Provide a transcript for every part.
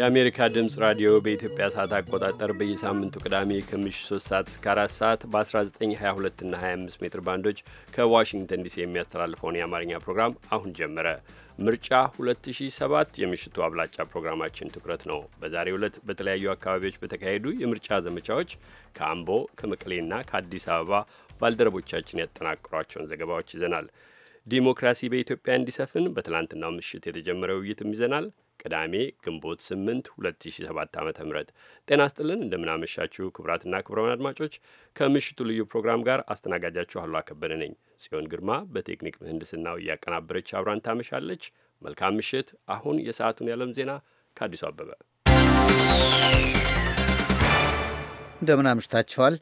የአሜሪካ ድምፅ ራዲዮ በኢትዮጵያ ሰዓት አቆጣጠር በየሳምንቱ ቅዳሜ ከምሽ 3 ሰዓት እስከ 4 ሰዓት በ1922 እና 25 ሜትር ባንዶች ከዋሽንግተን ዲሲ የሚያስተላልፈውን የአማርኛ ፕሮግራም አሁን ጀመረ። ምርጫ 2007 የምሽቱ አብላጫ ፕሮግራማችን ትኩረት ነው። በዛሬው ዕለት በተለያዩ አካባቢዎች በተካሄዱ የምርጫ ዘመቻዎች ከአምቦ ከመቀሌና ከአዲስ አበባ ባልደረቦቻችን ያጠናቀሯቸውን ዘገባዎች ይዘናል። ዲሞክራሲ በኢትዮጵያ እንዲሰፍን በትላንትናው ምሽት የተጀመረ ውይይትም ይዘናል። ቅዳሜ ግንቦት 8 2007 ዓ ም ጤና ስጥልን እንደምናመሻችሁ ክቡራትና ክቡራን አድማጮች ከምሽቱ ልዩ ፕሮግራም ጋር አስተናጋጃችሁ አሉ አከበደ ነኝ። ጽዮን ግርማ በቴክኒክ ምህንድስናው እያቀናበረች አብራን ታመሻለች። መልካም ምሽት። አሁን የሰዓቱን ያለም ዜና ከአዲሱ አበበ እንደምን አምሽታችኋል።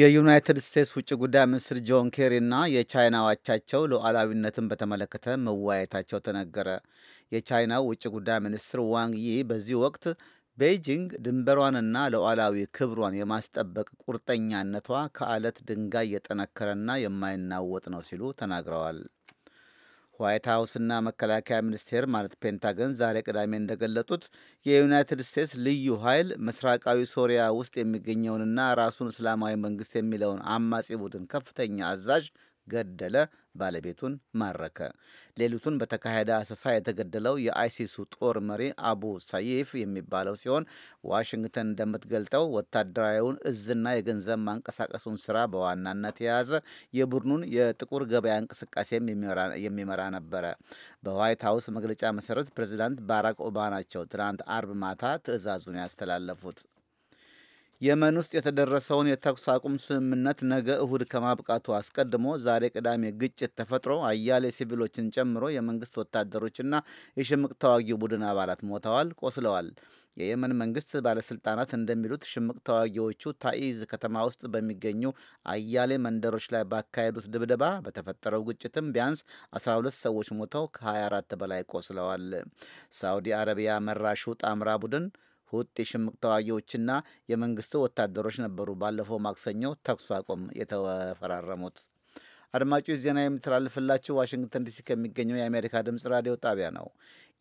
የዩናይትድ ስቴትስ ውጭ ጉዳይ ሚኒስትር ጆን ኬሪ እና የቻይና ዋቻቸው ሉዓላዊነትን በተመለከተ መወያየታቸው ተነገረ። የቻይናው ውጭ ጉዳይ ሚኒስትር ዋንግ ይ በዚህ ወቅት ቤይጂንግ ድንበሯንና ሉዓላዊ ክብሯን የማስጠበቅ ቁርጠኛነቷ ከአለት ድንጋይ የጠነከረና የማይናወጥ ነው ሲሉ ተናግረዋል። ዋይት ሀውስና መከላከያ ሚኒስቴር ማለት ፔንታገን ዛሬ ቅዳሜ እንደገለጡት የዩናይትድ ስቴትስ ልዩ ኃይል ምስራቃዊ ሶሪያ ውስጥ የሚገኘውንና ራሱን እስላማዊ መንግስት የሚለውን አማጺ ቡድን ከፍተኛ አዛዥ ገደለ፣ ባለቤቱን ማረከ። ሌሊቱን በተካሄደ አሰሳ የተገደለው የአይሲሱ ጦር መሪ አቡ ሰይፍ የሚባለው ሲሆን ዋሽንግተን እንደምትገልጠው ወታደራዊውን እዝና የገንዘብ ማንቀሳቀሱን ስራ በዋናነት የያዘ የቡድኑን የጥቁር ገበያ እንቅስቃሴ የሚመራ ነበረ። በዋይት ሀውስ መግለጫ መሰረት ፕሬዚዳንት ባራክ ኦባማ ናቸው ትናንት አርብ ማታ ትዕዛዙን ያስተላለፉት። የመን ውስጥ የተደረሰውን የተኩስ አቁም ስምምነት ነገ እሁድ ከማብቃቱ አስቀድሞ ዛሬ ቅዳሜ ግጭት ተፈጥሮ አያሌ ሲቪሎችን ጨምሮ የመንግስት ወታደሮችና የሽምቅ ተዋጊው ቡድን አባላት ሞተዋል፣ ቆስለዋል። የየመን መንግስት ባለስልጣናት እንደሚሉት ሽምቅ ተዋጊዎቹ ታኢዝ ከተማ ውስጥ በሚገኙ አያሌ መንደሮች ላይ ባካሄዱት ድብደባ በተፈጠረው ግጭትም ቢያንስ 12 ሰዎች ሞተው ከ24 በላይ ቆስለዋል። ሳውዲ አረቢያ መራሹ ጣምራ ቡድን ሁጥ የሽምቅ ተዋጊዎችና የመንግስቱ ወታደሮች ነበሩ ባለፈው ማክሰኞ ተኩስ አቁም የተፈራረሙት። አድማጮች ዜና የሚተላልፍላችሁ ዋሽንግተን ዲሲ ከሚገኘው የአሜሪካ ድምፅ ራዲዮ ጣቢያ ነው።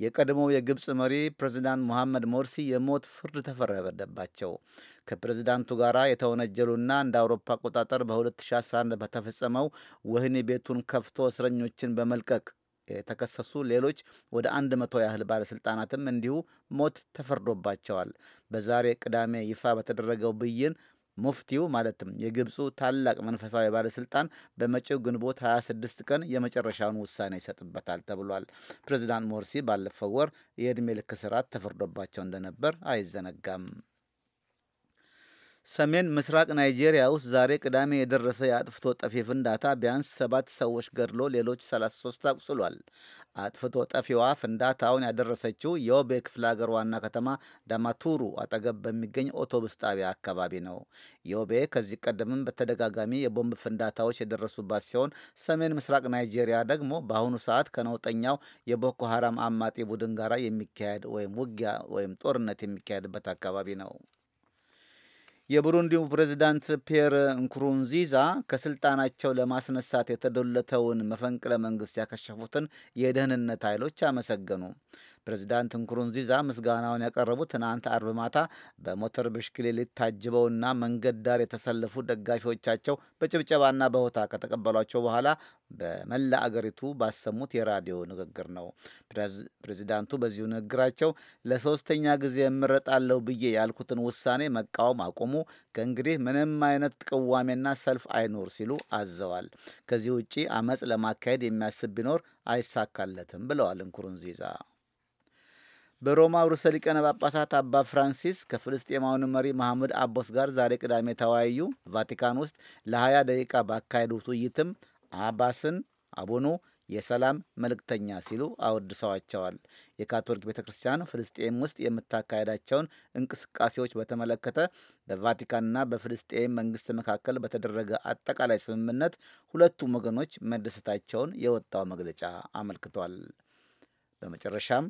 የቀድሞው የግብፅ መሪ ፕሬዚዳንት ሙሐመድ ሞርሲ የሞት ፍርድ ተፈረደባቸው። ከፕሬዚዳንቱ ጋር የተወነጀሉና እንደ አውሮፓ አቆጣጠር በ2011 በተፈጸመው ወህኒ ቤቱን ከፍቶ እስረኞችን በመልቀቅ የተከሰሱ ሌሎች ወደ አንድ መቶ ያህል ባለሥልጣናትም እንዲሁ ሞት ተፈርዶባቸዋል። በዛሬ ቅዳሜ ይፋ በተደረገው ብይን ሙፍቲው ማለትም የግብፁ ታላቅ መንፈሳዊ ባለስልጣን በመጪው ግንቦት 26 ቀን የመጨረሻውን ውሳኔ ይሰጥበታል ተብሏል። ፕሬዚዳንት ሞርሲ ባለፈው ወር የዕድሜ ልክ ስርዓት ተፈርዶባቸው እንደነበር አይዘነጋም። ሰሜን ምስራቅ ናይጄሪያ ውስጥ ዛሬ ቅዳሜ የደረሰ የአጥፍቶ ጠፊ ፍንዳታ ቢያንስ ሰባት ሰዎች ገድሎ ሌሎች 33 አቁስሏል። አጥፍቶ ጠፊዋ ፍንዳታውን ያደረሰችው የኦቤ ክፍለ ሀገር ዋና ከተማ ዳማቱሩ አጠገብ በሚገኝ ኦቶቡስ ጣቢያ አካባቢ ነው። የኦቤ ከዚህ ቀደምም በተደጋጋሚ የቦምብ ፍንዳታዎች የደረሱባት ሲሆን ሰሜን ምስራቅ ናይጄሪያ ደግሞ በአሁኑ ሰዓት ከነውጠኛው የቦኮ ሀራም አማጺ ቡድን ጋር የሚካሄድ ወይም ውጊያ ወይም ጦርነት የሚካሄድበት አካባቢ ነው። የቡሩንዲው ፕሬዝዳንት ፒየር እንኩሩንዚዛ ከስልጣናቸው ለማስነሳት የተዶለተውን መፈንቅለ መንግስት ያከሸፉትን የደህንነት ኃይሎች አመሰገኑ። ፕሬዚዳንት ንኩሩንዚዛ ምስጋናውን ያቀረቡት ትናንት አርብ ማታ በሞተር ብሽክሌት ታጅበውና መንገድ ዳር የተሰለፉ ደጋፊዎቻቸው በጭብጨባና በሆታ ከተቀበሏቸው በኋላ በመላ አገሪቱ ባሰሙት የራዲዮ ንግግር ነው። ፕሬዚዳንቱ በዚሁ ንግግራቸው ለሶስተኛ ጊዜ የምረጣለው ብዬ ያልኩትን ውሳኔ መቃወም አቁሙ፣ ከእንግዲህ ምንም አይነት ቅዋሜና ሰልፍ አይኖር ሲሉ አዘዋል። ከዚህ ውጪ አመፅ ለማካሄድ የሚያስብ ቢኖር አይሳካለትም ብለዋል ንኩሩንዚዛ። በሮማ ርዕሰ ሊቀነ ጳጳሳት አባ ፍራንሲስ ከፍልስጤማውያን መሪ መሐመድ አቦስ ጋር ዛሬ ቅዳሜ ተወያዩ። ቫቲካን ውስጥ ለ20 ደቂቃ ባካሄዱት ውይይትም አባስን አቡኑ የሰላም መልእክተኛ ሲሉ አወድሰዋቸዋል። የካቶሊክ ቤተ ክርስቲያን ፍልስጤም ውስጥ የምታካሄዳቸውን እንቅስቃሴዎች በተመለከተ በቫቲካንና በፍልስጤም መንግስት መካከል በተደረገ አጠቃላይ ስምምነት ሁለቱም ወገኖች መደሰታቸውን የወጣው መግለጫ አመልክቷል። በመጨረሻም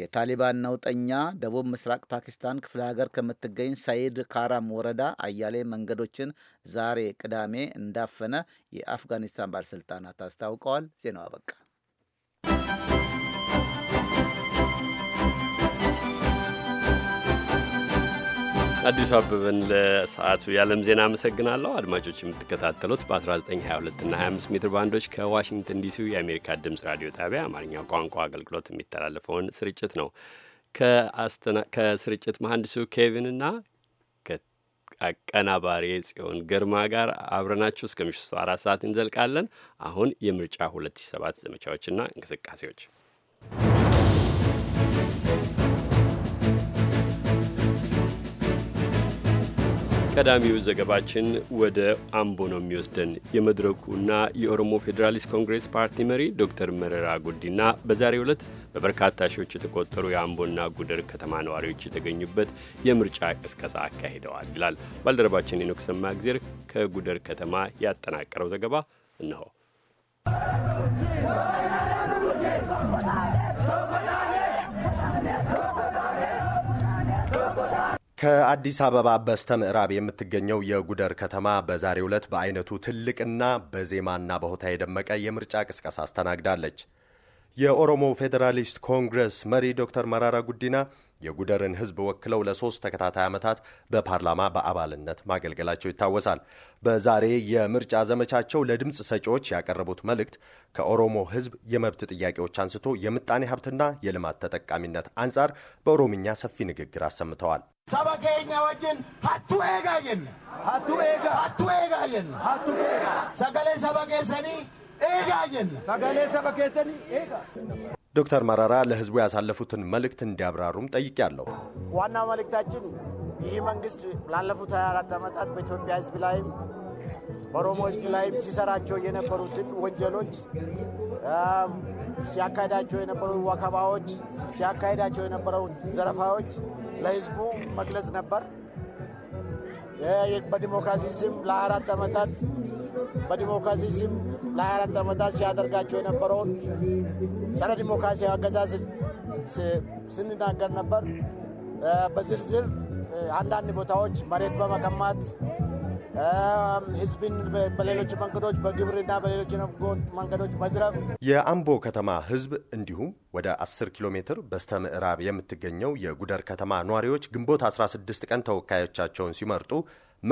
የታሊባን ነውጠኛ ደቡብ ምስራቅ ፓኪስታን ክፍለ ሀገር ከምትገኝ ሳይድ ካራም ወረዳ አያሌ መንገዶችን ዛሬ ቅዳሜ እንዳፈነ የአፍጋኒስታን ባለሥልጣናት አስታውቀዋል። ዜናው አበቃ። አዲሱ አበበን ለሰዓቱ የዓለም ዜና አመሰግናለሁ። አድማጮች የምትከታተሉት በ1922 እና 25 ሜትር ባንዶች ከዋሽንግተን ዲሲ የአሜሪካ ድምፅ ራዲዮ ጣቢያ አማርኛ ቋንቋ አገልግሎት የሚተላለፈውን ስርጭት ነው። ከስርጭት መሐንዲሱ ኬቪንና አቀናባሪ ጽዮን ግርማ ጋር አብረናችሁ እስከ ምሽቱ አራት ሰዓት እንዘልቃለን። አሁን የምርጫ 2007 ዘመቻዎችና እንቅስቃሴዎች ቀዳሚው ዘገባችን ወደ አምቦ ነው የሚወስደን። የመድረኩና የኦሮሞ ፌዴራሊስት ኮንግሬስ ፓርቲ መሪ ዶክተር መረራ ጉዲና በዛሬው ዕለት በበርካታ ሺዎች የተቆጠሩ የአምቦና ጉደር ከተማ ነዋሪዎች የተገኙበት የምርጫ ቅስቀሳ አካሂደዋል ይላል ባልደረባችን ሰማ ጊዜር ከጉደር ከተማ ያጠናቀረው ዘገባ እነሆ። ከአዲስ አበባ በስተ ምዕራብ የምትገኘው የጉደር ከተማ በዛሬው ዕለት በአይነቱ ትልቅና በዜማና በሆታ የደመቀ የምርጫ ቅስቀሳ አስተናግዳለች። የኦሮሞ ፌዴራሊስት ኮንግረስ መሪ ዶክተር መራራ ጉዲና የጉደርን ህዝብ ወክለው ለሶስት ተከታታይ ዓመታት በፓርላማ በአባልነት ማገልገላቸው ይታወሳል። በዛሬ የምርጫ ዘመቻቸው ለድምፅ ሰጪዎች ያቀረቡት መልእክት ከኦሮሞ ህዝብ የመብት ጥያቄዎች አንስቶ የምጣኔ ሀብትና የልማት ተጠቃሚነት አንጻር በኦሮምኛ ሰፊ ንግግር አሰምተዋል። ወጅን ሀቱ ሀቱ ሰገሌ ሰገሌ ኤጋ ዶክተር መረራ ለህዝቡ ያሳለፉትን መልእክት እንዲያብራሩም ጠይቄያለሁ። ዋና መልእክታችን ይህ መንግስት ላለፉት 24 ዓመታት በኢትዮጵያ ህዝብ ላይም በኦሮሞ ህዝብ ላይም ሲሰራቸው የነበሩትን ወንጀሎች ሲያካሄዳቸው የነበሩ ወከባዎች፣ ሲያካሄዳቸው የነበረው ዘረፋዎች ለህዝቡ መግለጽ ነበር። በዲሞክራሲ ስም ለአራት ዓመታት በዲሞክራሲ ስም ለአራት ዓመታት ሲያደርጋቸው የነበረውን ጸረ ዲሞክራሲያዊ አገዛዝ ስንናገር ነበር። በዝርዝር አንዳንድ ቦታዎች መሬት በመቀማት ህዝብን በሌሎች መንገዶች በግብርና በሌሎች መንገዶች መዝረፍ የአምቦ ከተማ ህዝብ እንዲሁም ወደ 10 ኪሎ ሜትር በስተ ምዕራብ የምትገኘው የጉደር ከተማ ነዋሪዎች ግንቦት 16 ቀን ተወካዮቻቸውን ሲመርጡ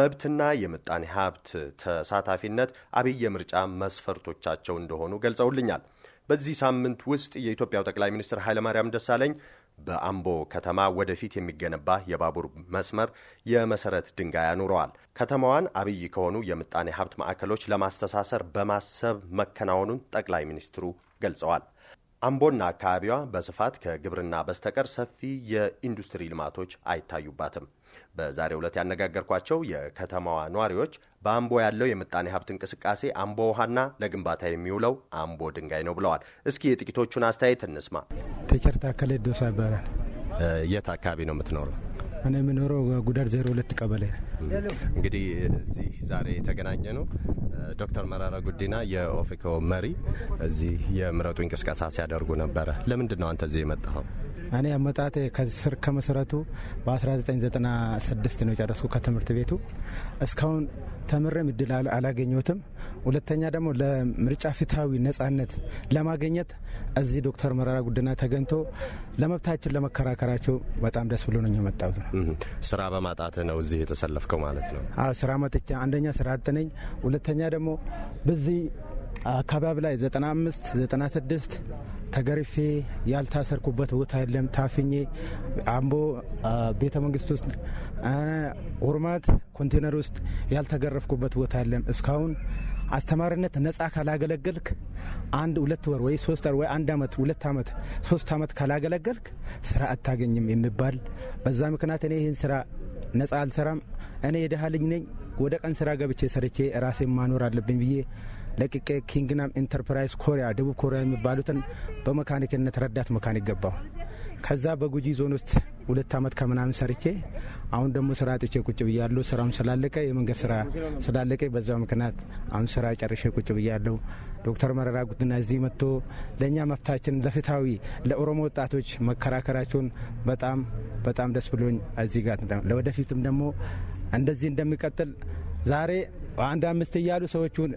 መብትና የምጣኔ ሀብት ተሳታፊነት አብይ የምርጫ መስፈርቶቻቸው እንደሆኑ ገልጸውልኛል። በዚህ ሳምንት ውስጥ የኢትዮጵያው ጠቅላይ ሚኒስትር ኃይለማርያም ደሳለኝ በአምቦ ከተማ ወደፊት የሚገነባ የባቡር መስመር የመሰረት ድንጋይ አኑረዋል። ከተማዋን አብይ ከሆኑ የምጣኔ ሀብት ማዕከሎች ለማስተሳሰር በማሰብ መከናወኑን ጠቅላይ ሚኒስትሩ ገልጸዋል። አምቦና አካባቢዋ በስፋት ከግብርና በስተቀር ሰፊ የኢንዱስትሪ ልማቶች አይታዩባትም። በዛሬው ዕለት ያነጋገርኳቸው የከተማዋ ነዋሪዎች በአምቦ ያለው የምጣኔ ሀብት እንቅስቃሴ አምቦ ውሃና ለግንባታ የሚውለው አምቦ ድንጋይ ነው ብለዋል። እስኪ የጥቂቶቹን አስተያየት እንስማ። ቴቸር ታከለ ዶሳ ይባላል። የት አካባቢ ነው የምትኖረው? እኔ የምኖረው ጉዳር ዜሮ ሁለት ቀበሌ። እንግዲህ እዚህ ዛሬ የተገናኘ ነው ዶክተር መራራ ጉዲና የኦፌኮ መሪ እዚህ የምረጡ እንቅስቃሴ ሲያደርጉ ነበረ። ለምንድን ነው አንተ እዚህ የመጣኸው? እኔ አመጣጤ ከስር ከመሰረቱ በ1996 ነው የጨረስኩ ከትምህርት ቤቱ። እስካሁን ተምሬም እድል አላገኘሁትም። ሁለተኛ ደግሞ ለምርጫ ፍትሐዊ ነጻነት ለማግኘት እዚህ ዶክተር መረራ ጉድና ተገኝቶ ለመብታችን ለመከራከራቸው በጣም ደስ ብሎ ነው የመጣሁት። ስራ በማጣት ነው እዚህ የተሰለፍከው ማለት ነው? ስራ መጥቼ አንደኛ ስራ አጥነኝ፣ ሁለተኛ ደግሞ በዚህ አካባቢ ላይ 95 96 ተገርፌ ያልታሰርኩበት ቦታ የለም። ታፍኜ አምቦ ቤተ መንግስት ውስጥ ኦርማት ኮንቴነር ውስጥ ያልተገረፍኩበት ቦታ የለም። እስካሁን አስተማሪነት ነጻ ካላገለገልክ አንድ ሁለት ወር ወይ ሶስት ወር ወይ አንድ አመት ሁለት አመት ሶስት አመት ካላገለገልክ ስራ አታገኝም የሚባል በዛ ምክንያት እኔ ይህን ስራ ነጻ አልሰራም። እኔ የደሃ ልጅ ነኝ። ወደ ቀን ስራ ገብቼ ሰርቼ ራሴ ማኖር አለብኝ ብዬ ለቅቄ ኪንግናም ኢንተርፕራይዝ ኮሪያ፣ ደቡብ ኮሪያ የሚባሉትን በመካኒክነት ረዳት መካኒክ ገባሁ። ከዛ በጉጂ ዞን ውስጥ ሁለት ዓመት ከምናምን ሰርቼ አሁን ደግሞ ስራ ጥቼ ቁጭ ብያለሁ። ስራም ስላለቀ የመንገድ ስራ ስላለቀ በዛ ምክንያት አሁን ስራ ጨርሼ ቁጭ ብያለሁ። ዶክተር መረራ ጉዲና እዚህ መጥቶ ለእኛ መፍታችን ለፍትሐዊ ለኦሮሞ ወጣቶች መከራከራቸውን በጣም በጣም ደስ ብሎኝ እዚህ ጋር ለወደፊትም ደግሞ እንደዚህ እንደሚቀጥል ዛሬ አንድ አምስት እያሉ ሰዎቹን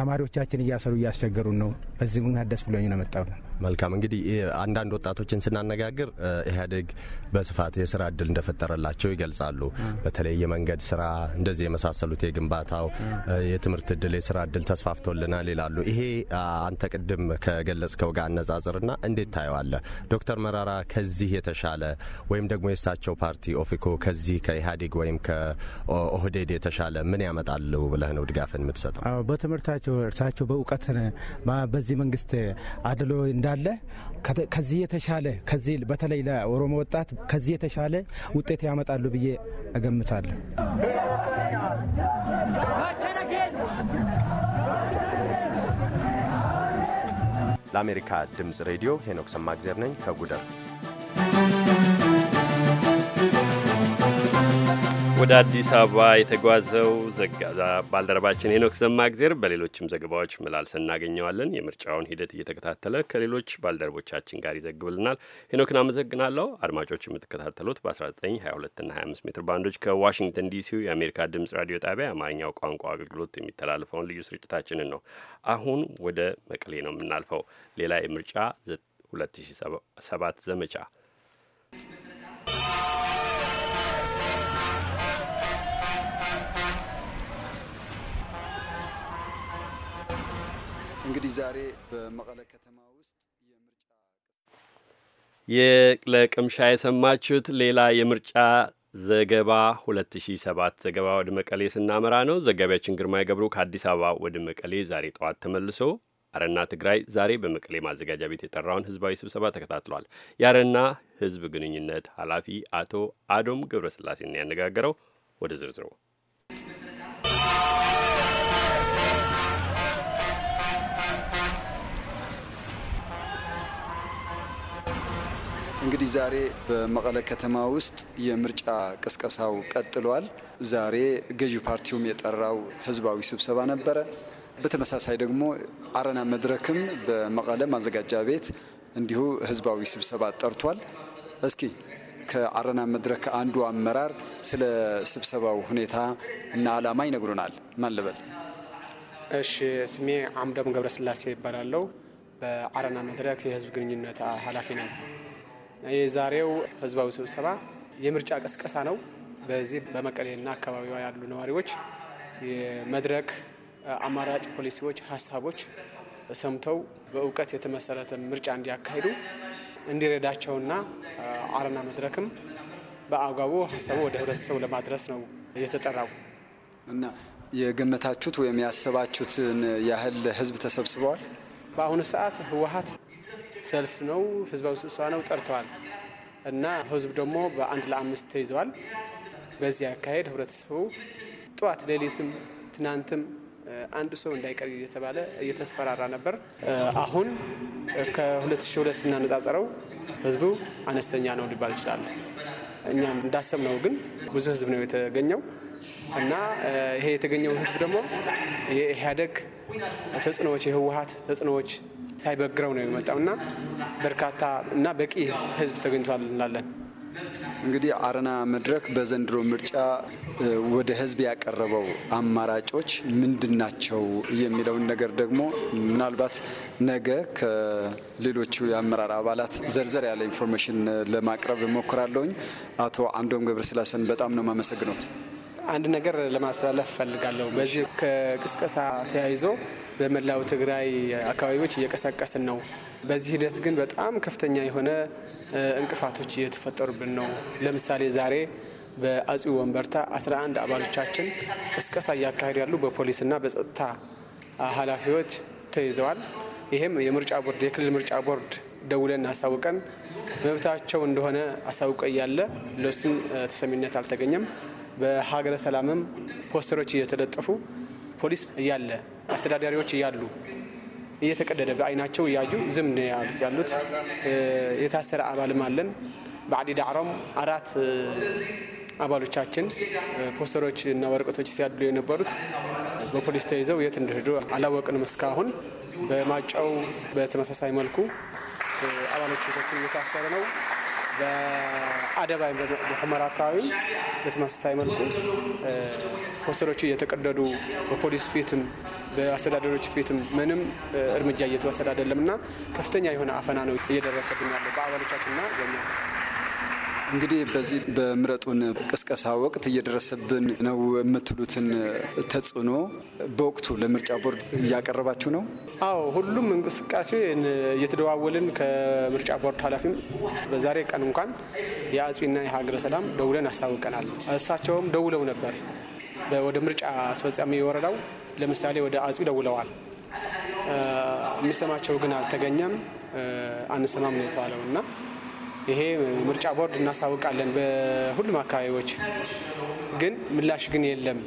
ተማሪዎቻችን እያሰሩ እያስቸገሩን ነው። በዚህ ምክንያት ደስ ብሎኝ ነው መጣው። መልካም እንግዲህ አንዳንድ ወጣቶችን ስናነጋግር ኢህአዴግ በስፋት የስራ እድል እንደፈጠረላቸው ይገልጻሉ። በተለይ የመንገድ ስራ እንደዚህ የመሳሰሉት የግንባታው፣ የትምህርት እድል፣ የስራ እድል ተስፋፍቶልናል ይላሉ። ይሄ አንተ ቅድም ከገለጽከው ጋር አነጻጽርና እንዴት ታየዋለ? ዶክተር መራራ ከዚህ የተሻለ ወይም ደግሞ የእሳቸው ፓርቲ ኦፌኮ ከዚህ ከኢህአዴግ ወይም ከኦህዴድ የተሻለ ምን ያመጣሉ ብለህ ነው ድጋፍን የምትሰጠው? በትምህርታቸው እርሳቸው በእውቀት በዚህ መንግስት አድሎ እንዳ እንዳለ ከዚህ የተሻለ ከዚህ በተለይ ለኦሮሞ ወጣት ከዚህ የተሻለ ውጤት ያመጣሉ ብዬ እገምታለሁ። ለአሜሪካ ድምፅ ሬዲዮ ሄኖክ ሰማግዜር ነኝ ከጉደር ወደ አዲስ አበባ የተጓዘው ባልደረባችን ሄኖክ ዘማግዜር በሌሎችም ዘገባዎች ምላልስ እናገኘዋለን። የምርጫውን ሂደት እየተከታተለ ከሌሎች ባልደረቦቻችን ጋር ይዘግብልናል። ሄኖክን አመሰግናለሁ። አድማጮች የምትከታተሉት በ19፣ 22 እና 25 ሜትር ባንዶች ከዋሽንግተን ዲሲው የአሜሪካ ድምጽ ራዲዮ ጣቢያ የአማርኛው ቋንቋ አገልግሎት የሚተላለፈውን ልዩ ስርጭታችንን ነው። አሁን ወደ መቀሌ ነው የምናልፈው። ሌላ የምርጫ 2007 ዘመቻ እንግዲህ ዛሬ በመቀለ ከተማ ውስጥ የምርጫ የለቅምሻ የሰማችሁት ሌላ የምርጫ ዘገባ 2007 ዘገባ ወደ መቀሌ ስናመራ ነው። ዘጋቢያችን ግርማይ ገብሩ ከአዲስ አበባ ወደ መቀሌ ዛሬ ጠዋት ተመልሶ አረና ትግራይ ዛሬ በመቀሌ ማዘጋጃ ቤት የጠራውን ህዝባዊ ስብሰባ ተከታትሏል። የአረና ህዝብ ግንኙነት ኃላፊ አቶ አዶም ገብረስላሴን ያነጋገረው ወደ ዝርዝሩ እንግዲህ ዛሬ በመቀለ ከተማ ውስጥ የምርጫ ቅስቀሳው ቀጥሏል። ዛሬ ገዢ ፓርቲውም የጠራው ህዝባዊ ስብሰባ ነበረ። በተመሳሳይ ደግሞ አረና መድረክም በመቀለ ማዘጋጃ ቤት እንዲሁ ህዝባዊ ስብሰባ ጠርቷል። እስኪ ከአረና መድረክ አንዱ አመራር ስለ ስብሰባው ሁኔታ እና አላማ ይነግሩናል። ማን ልበል? እሺ፣ ስሜ አምደም ገብረስላሴ ይባላለሁ። በአረና መድረክ የህዝብ ግንኙነት ኃላፊ ነኝ። የዛሬው ህዝባዊ ስብሰባ የምርጫ ቀስቀሳ ነው። በዚህ በመቀሌና አካባቢዋ ያሉ ነዋሪዎች የመድረክ አማራጭ ፖሊሲዎች፣ ሀሳቦች ሰምተው በእውቀት የተመሰረተ ምርጫ እንዲያካሂዱ እንዲረዳቸውና አረና መድረክም በአግባቡ ሀሳቡ ወደ ህብረተሰቡ ለማድረስ ነው የተጠራው እና የገመታችሁት ወይም ያሰባችሁትን ያህል ህዝብ ተሰብስበዋል። በአሁኑ ሰዓት ህወሀት ሰልፍ ነው፣ ህዝባዊ ስብሰባ ነው ጠርተዋል እና ህዝብ ደግሞ በአንድ ለአምስት ተይዘዋል። በዚህ አካሄድ ህብረተሰቡ ጠዋት ሌሊትም ትናንትም አንድ ሰው እንዳይቀር እየተባለ እየተስፈራራ ነበር። አሁን ከ2002 ስናነጻጸረው ህዝቡ አነስተኛ ነው ሊባል ይችላል። እኛም እንዳሰብነው ግን ብዙ ህዝብ ነው የተገኘው እና ይሄ የተገኘው ህዝብ ደግሞ የኢህአዴግ ተጽዕኖዎች፣ የህወሀት ተጽዕኖዎች ሳይበግረው ነው የመጣው እና በርካታ እና በቂ ህዝብ ተገኝቷል እንላለን። እንግዲህ አረና መድረክ በዘንድሮ ምርጫ ወደ ህዝብ ያቀረበው አማራጮች ምንድን ናቸው የሚለውን ነገር ደግሞ ምናልባት ነገ ከሌሎቹ የአመራር አባላት ዘርዘር ያለ ኢንፎርሜሽን ለማቅረብ እሞክራለሁኝ። አቶ አንዶም ገብረስላሴን በጣም ነው የማመሰግነው። አንድ ነገር ለማስተላለፍ ፈልጋለሁ በዚህ ከቅስቀሳ ተያይዞ በመላው ትግራይ አካባቢዎች እየቀሰቀስን ነው። በዚህ ሂደት ግን በጣም ከፍተኛ የሆነ እንቅፋቶች እየተፈጠሩብን ነው። ለምሳሌ ዛሬ በአፄ ወንበርታ 11 አባሎቻችን ቅስቀሳ እያካሄዱ ያሉ በፖሊስና በጸጥታ ኃላፊዎች ተይዘዋል። ይህም የምርጫ ቦርድ የክልል ምርጫ ቦርድ ደውለን አሳውቀን መብታቸው እንደሆነ አሳውቀ እያለ ለሱም ተሰሚነት አልተገኘም። በሀገረ ሰላምም ፖስተሮች እየተለጠፉ ፖሊስ እያለ አስተዳዳሪዎች እያሉ እየተቀደደ በአይናቸው እያዩ ዝም ያሉት የታሰረ አባልም አለን። በአዲ ዳዕሮም አራት አባሎቻችን ፖስተሮች እና ወረቀቶች ሲያድሉ የነበሩት በፖሊስ ተይዘው የት እንደሄዱ አላወቅንም እስካሁን። በማጫው በተመሳሳይ መልኩ አባሎቻችን እየታሰረ ነው። በአደባ ወይም አካባቢ በተመሳሳይ መልኩ ፖስተሮቹ እየተቀደዱ በፖሊስ ፊትም በአስተዳደሮች ፊትም ምንም እርምጃ እየተወሰደ አይደለም እና ከፍተኛ የሆነ አፈና ነው እየደረሰብን ያለው በአባሎቻችንና በኛ እንግዲህ በዚህ በምረጡን ቅስቀሳ ወቅት እየደረሰብን ነው የምትሉትን ተጽዕኖ በወቅቱ ለምርጫ ቦርድ እያቀረባችሁ ነው? አዎ፣ ሁሉም እንቅስቃሴ እየተደዋወልን ከምርጫ ቦርድ ኃላፊም በዛሬ ቀን እንኳን የአጽቢና የሀገረ ሰላም ደውለን አሳውቀናል። እሳቸውም ደውለው ነበር። ወደ ምርጫ አስፈጻሚ የወረዳው ለምሳሌ ወደ አጽቢ ደውለዋል። የሚሰማቸው ግን አልተገኘም። አንሰማም ነው የተባለው እና ይሄ ምርጫ ቦርድ እናሳውቃለን በሁሉም አካባቢዎች ግን ምላሽ ግን የለም።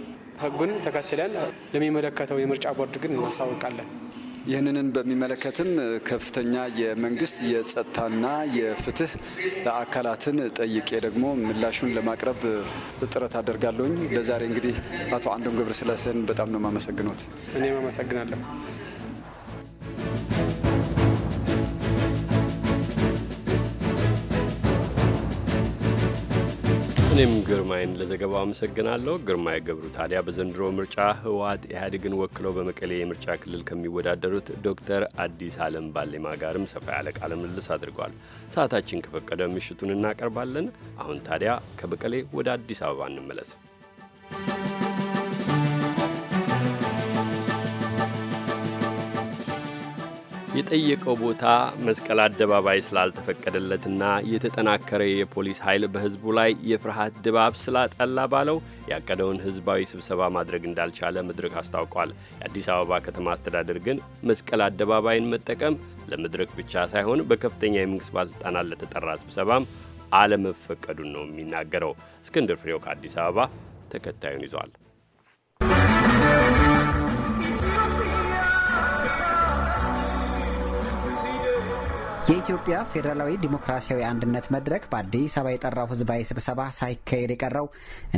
ህጉን ተከትለን ለሚመለከተው የምርጫ ቦርድ ግን እናሳውቃለን። ይህንንን በሚመለከትም ከፍተኛ የመንግስት የጸጥታና የፍትህ አካላትን ጠይቄ ደግሞ ምላሹን ለማቅረብ ጥረት አደርጋለሁኝ። ለዛሬ እንግዲህ አቶ አንዶም ገብረስላሴን በጣም ነው ማመሰግኖት እኔም አመሰግናለሁ። እኔም ግርማይን ለዘገባው አመሰግናለሁ። ግርማይ ገብሩ ታዲያ በዘንድሮ ምርጫ ህወሓት ኢህአዴግን ወክለው በመቀሌ የምርጫ ክልል ከሚወዳደሩት ዶክተር አዲስ አለም ባሌማ ጋርም ሰፋ ያለ ቃለ ምልልስ አድርጓል። ሰዓታችን ከፈቀደ ምሽቱን እናቀርባለን። አሁን ታዲያ ከመቀሌ ወደ አዲስ አበባ እንመለስ። የጠየቀው ቦታ መስቀል አደባባይ ስላልተፈቀደለትና የተጠናከረ የፖሊስ ኃይል በሕዝቡ ላይ የፍርሃት ድባብ ስላጠላ ባለው ያቀደውን ሕዝባዊ ስብሰባ ማድረግ እንዳልቻለ መድረክ አስታውቋል። የአዲስ አበባ ከተማ አስተዳደር ግን መስቀል አደባባይን መጠቀም ለመድረክ ብቻ ሳይሆን በከፍተኛ የመንግሥት ባለሥልጣናት ለተጠራ ስብሰባም አለመፈቀዱን ነው የሚናገረው። እስክንድር ፍሬው ከአዲስ አበባ ተከታዩን ይዟል። የኢትዮጵያ ፌዴራላዊ ዲሞክራሲያዊ አንድነት መድረክ በአዲስ አበባ የጠራው ህዝባዊ ስብሰባ ሳይካሄድ የቀረው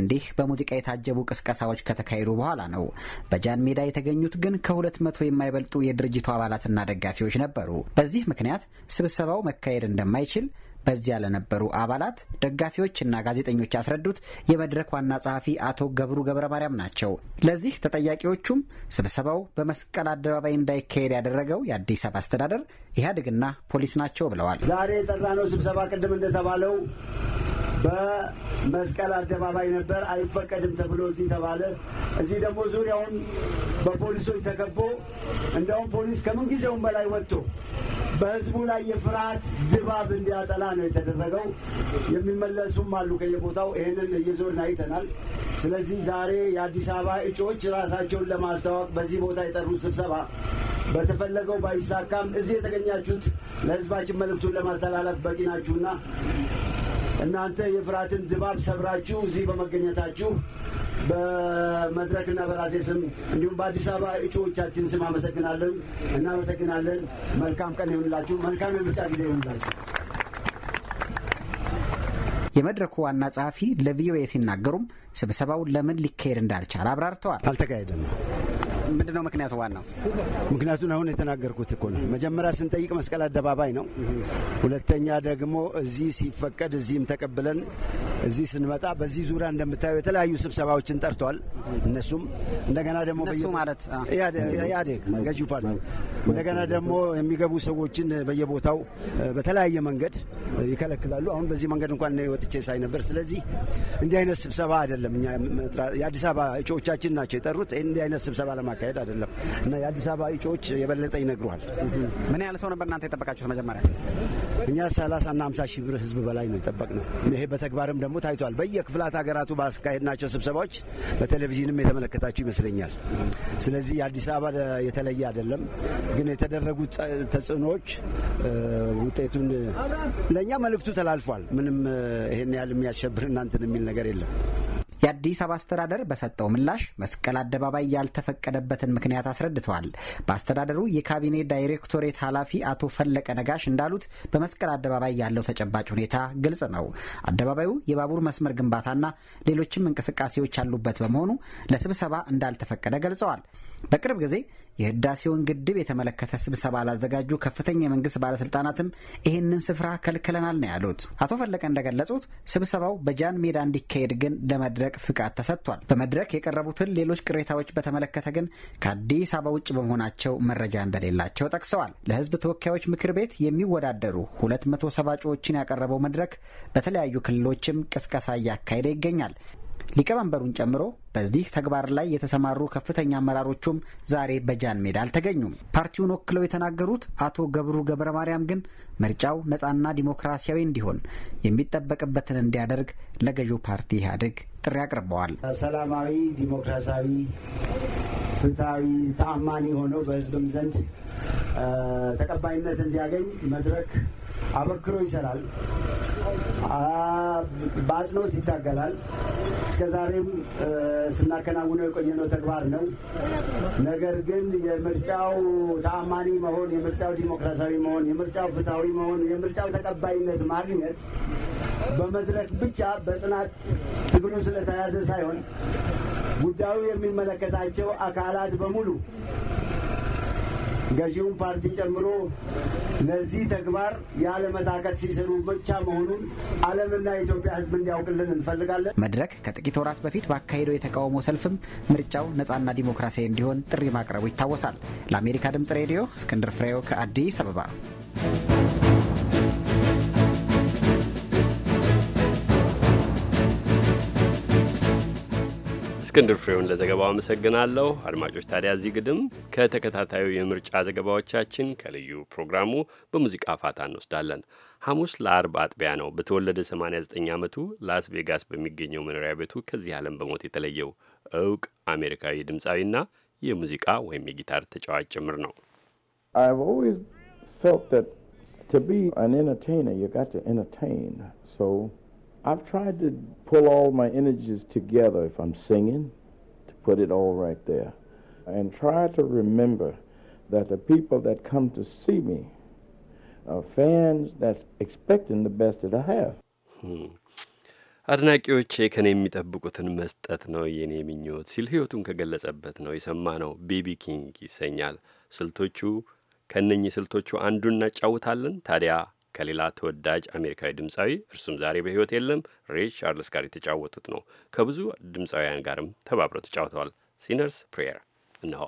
እንዲህ በሙዚቃ የታጀቡ ቅስቀሳዎች ከተካሄዱ በኋላ ነው። በጃን ሜዳ የተገኙት ግን ከሁለት መቶ የማይበልጡ የድርጅቱ አባላትና ደጋፊዎች ነበሩ። በዚህ ምክንያት ስብሰባው መካሄድ እንደማይችል በዚያ ለነበሩ አባላት ደጋፊዎችና ጋዜጠኞች ያስረዱት የመድረክ ዋና ጸሐፊ አቶ ገብሩ ገብረ ማርያም ናቸው። ለዚህ ተጠያቂዎቹም ስብሰባው በመስቀል አደባባይ እንዳይካሄድ ያደረገው የአዲስ አበባ አስተዳደር ኢህአዴግና ፖሊስ ናቸው ብለዋል። ዛሬ የጠራነው ስብሰባ ቅድም እንደተባለው በመስቀል አደባባይ ነበር። አይፈቀድም ተብሎ እዚህ ተባለ። እዚህ ደግሞ ዙሪያውን በፖሊሶች ተከቦ እንደውም ፖሊስ ከምንጊዜውም በላይ ወጥቶ በህዝቡ ላይ የፍርሃት ድባብ እንዲያጠላ ነው የተደረገው። የሚመለሱም አሉ ከየቦታው ይህንን እየዞርን አይተናል። ስለዚህ ዛሬ የአዲስ አበባ እጩዎች ራሳቸውን ለማስተዋወቅ በዚህ ቦታ የጠሩት ስብሰባ በተፈለገው ባይሳካም እዚህ የተገኛችሁት ለህዝባችን መልእክቱን ለማስተላለፍ በቂ ናችሁና እናንተ የፍርሃትን ድባብ ሰብራችሁ እዚህ በመገኘታችሁ በመድረክና በራሴ ስም እንዲሁም በአዲስ አበባ እጩዎቻችን ስም አመሰግናለን። እናመሰግናለን። መልካም ቀን ይሁንላችሁ። መልካም የምርጫ ጊዜ ይሁንላችሁ። የመድረኩ ዋና ጸሐፊ ለቪኦኤ ሲናገሩም ስብሰባውን ለምን ሊካሄድ እንዳልቻል አብራርተዋል። አልተካሄደም ምንድነው ምክንያቱ? ዋናው ምክንያቱን አሁን የተናገርኩት እኮ ነው። መጀመሪያ ስንጠይቅ መስቀል አደባባይ ነው። ሁለተኛ ደግሞ እዚህ ሲፈቀድ እዚህም ተቀብለን እዚህ ስንመጣ በዚህ ዙሪያ እንደምታዩ የተለያዩ ስብሰባዎችን ጠርተዋል። እነሱም እንደገና ደግሞ ማለት ኢህአዴግ ገዢ ፓርቲ እንደገና ደግሞ የሚገቡ ሰዎችን በየቦታው በተለያየ መንገድ ይከለክላሉ። አሁን በዚህ መንገድ እንኳን ወጥቼ ሳይ ነበር። ስለዚህ እንዲህ አይነት ስብሰባ አይደለም። የአዲስ አበባ እጩዎቻችን ናቸው የጠሩት። እንዲህ አይነት ስብሰባ ለማካሄድ አይደለም እና የአዲስ አበባ እጩዎች የበለጠ ይነግሯል። ምን ያህል ሰው ነበር እናንተ የጠበቃችሁት መጀመሪያ? እኛ ሰላሳና 50 ሺህ ብር ህዝብ በላይ ነው የጠበቅነው። ይሄ በተግባርም ደግሞ ታይቷል። በየክፍላት ሀገራቱ ባስካሄድናቸው ስብሰባዎች በቴሌቪዥንም የተመለከታችሁ ይመስለኛል። ስለዚህ የአዲስ አበባ የተለየ አይደለም። ግን የተደረጉ ተጽዕኖዎች ውጤቱን ለእኛ መልእክቱ ተላልፏል። ምንም ይሄን ያህል የሚያሸብር እናንትን የሚል ነገር የለም። የአዲስ አበባ አስተዳደር በሰጠው ምላሽ መስቀል አደባባይ ያልተፈቀደበትን ምክንያት አስረድተዋል። በአስተዳደሩ የካቢኔ ዳይሬክቶሬት ኃላፊ አቶ ፈለቀ ነጋሽ እንዳሉት በመስቀል አደባባይ ያለው ተጨባጭ ሁኔታ ግልጽ ነው። አደባባዩ የባቡር መስመር ግንባታና ሌሎችም እንቅስቃሴዎች ያሉበት በመሆኑ ለስብሰባ እንዳልተፈቀደ ገልጸዋል። በቅርብ ጊዜ የህዳሴውን ግድብ የተመለከተ ስብሰባ ላዘጋጁ ከፍተኛ የመንግስት ባለስልጣናትም ይህንን ስፍራ ከልክለናል ነው ያሉት። አቶ ፈለቀ እንደገለጹት ስብሰባው በጃን ሜዳ እንዲካሄድ ግን ለመድረክ ፍቃድ ተሰጥቷል። በመድረክ የቀረቡትን ሌሎች ቅሬታዎች በተመለከተ ግን ከአዲስ አበባ ውጭ በመሆናቸው መረጃ እንደሌላቸው ጠቅሰዋል። ለህዝብ ተወካዮች ምክር ቤት የሚወዳደሩ ሁለት መቶ ሰባ እጩዎችን ያቀረበው መድረክ በተለያዩ ክልሎችም ቅስቀሳ እያካሄደ ይገኛል። ሊቀመንበሩን ጨምሮ በዚህ ተግባር ላይ የተሰማሩ ከፍተኛ አመራሮቹም ዛሬ በጃን ሜዳ አልተገኙም። ፓርቲውን ወክለው የተናገሩት አቶ ገብሩ ገብረ ማርያም ግን ምርጫው ነፃና ዲሞክራሲያዊ እንዲሆን የሚጠበቅበትን እንዲያደርግ ለገዢው ፓርቲ ኢህአዴግ ጥሪ አቅርበዋል። ሰላማዊ፣ ዲሞክራሲያዊ፣ ፍትሐዊ፣ ተአማኒ ሆነው በህዝብም ዘንድ ተቀባይነት እንዲያገኝ መድረክ አበክሮ ይሰራል። በአጽንኦት ይታገላል። እስከዛሬም ስናከናውነው የቆየነው ተግባር ነው። ነገር ግን የምርጫው ተአማኒ መሆን፣ የምርጫው ዲሞክራሲያዊ መሆን፣ የምርጫው ፍትሐዊ መሆን፣ የምርጫው ተቀባይነት ማግኘት በመድረክ ብቻ በጽናት ትግሉ ስለተያዘ ሳይሆን ጉዳዩ የሚመለከታቸው አካላት በሙሉ ገዢውን ፓርቲ ጨምሮ ለዚህ ተግባር ያለመታከት ሲሰሩ ብቻ መሆኑን ዓለምና የኢትዮጵያ ሕዝብ እንዲያውቅልን እንፈልጋለን። መድረክ ከጥቂት ወራት በፊት ባካሄደው የተቃውሞ ሰልፍም ምርጫው ነጻና ዲሞክራሲያዊ እንዲሆን ጥሪ ማቅረቡ ይታወሳል። ለአሜሪካ ድምጽ ሬዲዮ እስክንድር ፍሬው ከአዲስ አበባ እስክንድር ፍሬውን ለዘገባው አመሰግናለሁ። አድማጮች ታዲያ እዚህ ግድም ከተከታታዩ የምርጫ ዘገባዎቻችን ከልዩ ፕሮግራሙ በሙዚቃ ፋታ እንወስዳለን። ሐሙስ ለአርብ አጥቢያ ነው በተወለደ 89 ዓመቱ ላስ ቬጋስ በሚገኘው መኖሪያ ቤቱ ከዚህ ዓለም በሞት የተለየው እውቅ አሜሪካዊ ድምፃዊና የሙዚቃ ወይም የጊታር ተጫዋች ጭምር ነው። I've I've tried to pull all my energies together if I'm singing, to put it all right there, and try to remember that the people that come to see me are fans that's expecting the best that I have. Hmm. አድናቂዎቼ ከኔ የሚጠብቁትን መስጠት ነው የኔ ምኞት ሲል ህይወቱን ከገለጸበት ነው የሰማ ነው። ቢቢ ኪንግ ይሰኛል። ስልቶቹ ከነኚህ ስልቶቹ አንዱን እናጫውታለን ታዲያ ከሌላ ተወዳጅ አሜሪካዊ ድምፃዊ እርሱም ዛሬ በሕይወት የለም ሬ ቻርልስ ጋር የተጫወቱት ነው። ከብዙ ድምፃውያን ጋርም ተባብረው ተጫውተዋል። ሲነርስ ፕሬየር እንሆ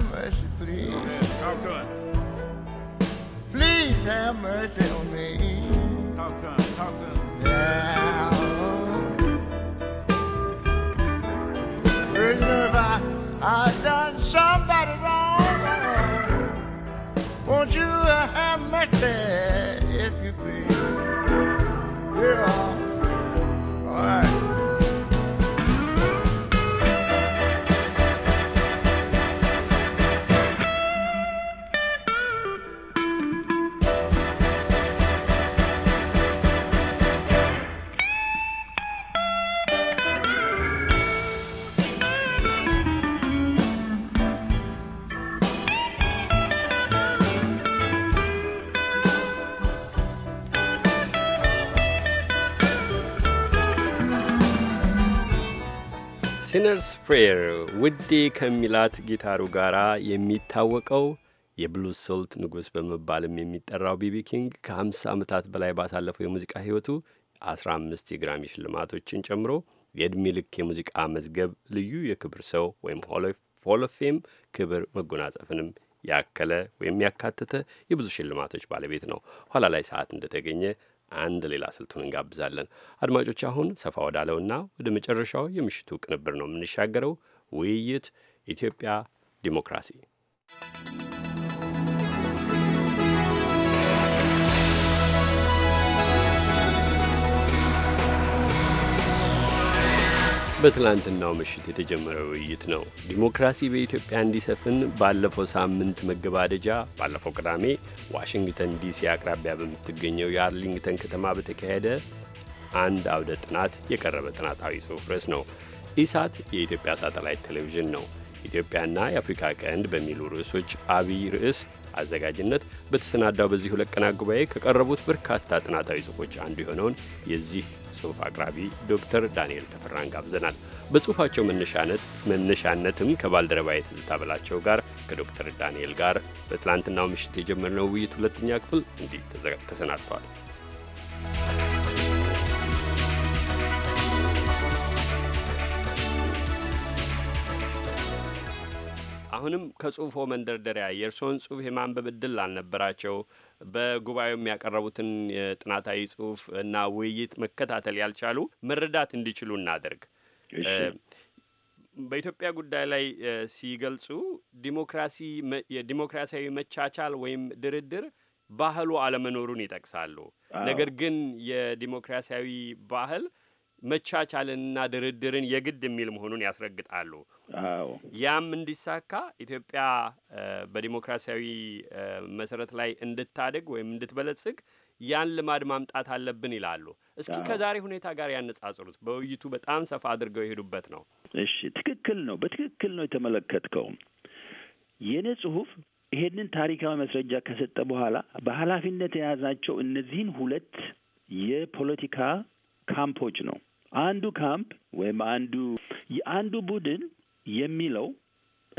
have mercy, please. Talk to him. Please have mercy on me. Talk to him. Talk to him. now. Prisoner, if I, I have done somebody wrong, won't you have mercy? ሲነርስ ፕሬየር ውዴ ከሚላት ጊታሩ ጋር የሚታወቀው የብሉዝ ሶልት ንጉሥ በመባልም የሚጠራው ቢቢ ኪንግ ከ50 ዓመታት በላይ ባሳለፈው የሙዚቃ ሕይወቱ 15 የግራሚ ሽልማቶችን ጨምሮ የዕድሜ ልክ የሙዚቃ መዝገብ ልዩ የክብር ሰው ወይም ሆል ክብር መጎናጸፍንም ያከለ ወይም ያካተተ የብዙ ሽልማቶች ባለቤት ነው። ኋላ ላይ ሰዓት እንደተገኘ አንድ ሌላ ስልቱን እንጋብዛለን። አድማጮች፣ አሁን ሰፋ ወዳለውና ወደ መጨረሻው የምሽቱ ቅንብር ነው የምንሻገረው። ውይይት ኢትዮጵያ ዲሞክራሲ በትላንትናው ምሽት የተጀመረ ውይይት ነው። ዲሞክራሲ በኢትዮጵያ እንዲሰፍን ባለፈው ሳምንት መገባደጃ ባለፈው ቅዳሜ ዋሽንግተን ዲሲ አቅራቢያ በምትገኘው የአርሊንግተን ከተማ በተካሄደ አንድ አውደ ጥናት የቀረበ ጥናታዊ ጽሑፍ ርዕስ ነው። ኢሳት የኢትዮጵያ ሳተላይት ቴሌቪዥን ነው። ኢትዮጵያና የአፍሪካ ቀንድ በሚሉ ርዕሶች አብይ ርዕስ አዘጋጅነት በተሰናዳው በዚህ ሁለት ቀናት ጉባኤ ከቀረቡት በርካታ ጥናታዊ ጽሁፎች አንዱ የሆነውን የዚህ ጽሁፍ አቅራቢ ዶክተር ዳንኤል ተፈራን ጋብዘናል። በጽሁፋቸው መነሻነትም ከባልደረባ ትዝታ በላቸው ጋር ከዶክተር ዳንኤል ጋር በትላንትናው ምሽት የጀመርነው ውይይት ሁለተኛ ክፍል እንዲህ ተሰናድቷል። አሁንም ከጽሁፎ መንደርደሪያ የእርስዎን ጽሁፍ የማንበብ እድል አልነበራቸው። በጉባኤው የሚያቀረቡትን ጥናታዊ ጽሁፍ እና ውይይት መከታተል ያልቻሉ መረዳት እንዲችሉ እናደርግ። በኢትዮጵያ ጉዳይ ላይ ሲገልጹ ዲሞክራሲ የዲሞክራሲያዊ መቻቻል ወይም ድርድር ባህሉ አለመኖሩን ይጠቅሳሉ። ነገር ግን የዲሞክራሲያዊ ባህል መቻቻልንና ድርድርን የግድ የሚል መሆኑን ያስረግጣሉ። ያም እንዲሳካ ኢትዮጵያ በዲሞክራሲያዊ መሰረት ላይ እንድታድግ ወይም እንድትበለጽግ ያን ልማድ ማምጣት አለብን ይላሉ። እስኪ ከዛሬ ሁኔታ ጋር ያነጻጽሩት። በውይይቱ በጣም ሰፋ አድርገው የሄዱበት ነው። እሺ፣ ትክክል ነው። በትክክል ነው የተመለከትከው። የእኔ ጽሁፍ ይሄንን ታሪካዊ መስረጃ ከሰጠ በኋላ በኃላፊነት የያዛቸው እነዚህን ሁለት የፖለቲካ ካምፖች ነው። አንዱ ካምፕ ወይም አንዱ አንዱ ቡድን የሚለው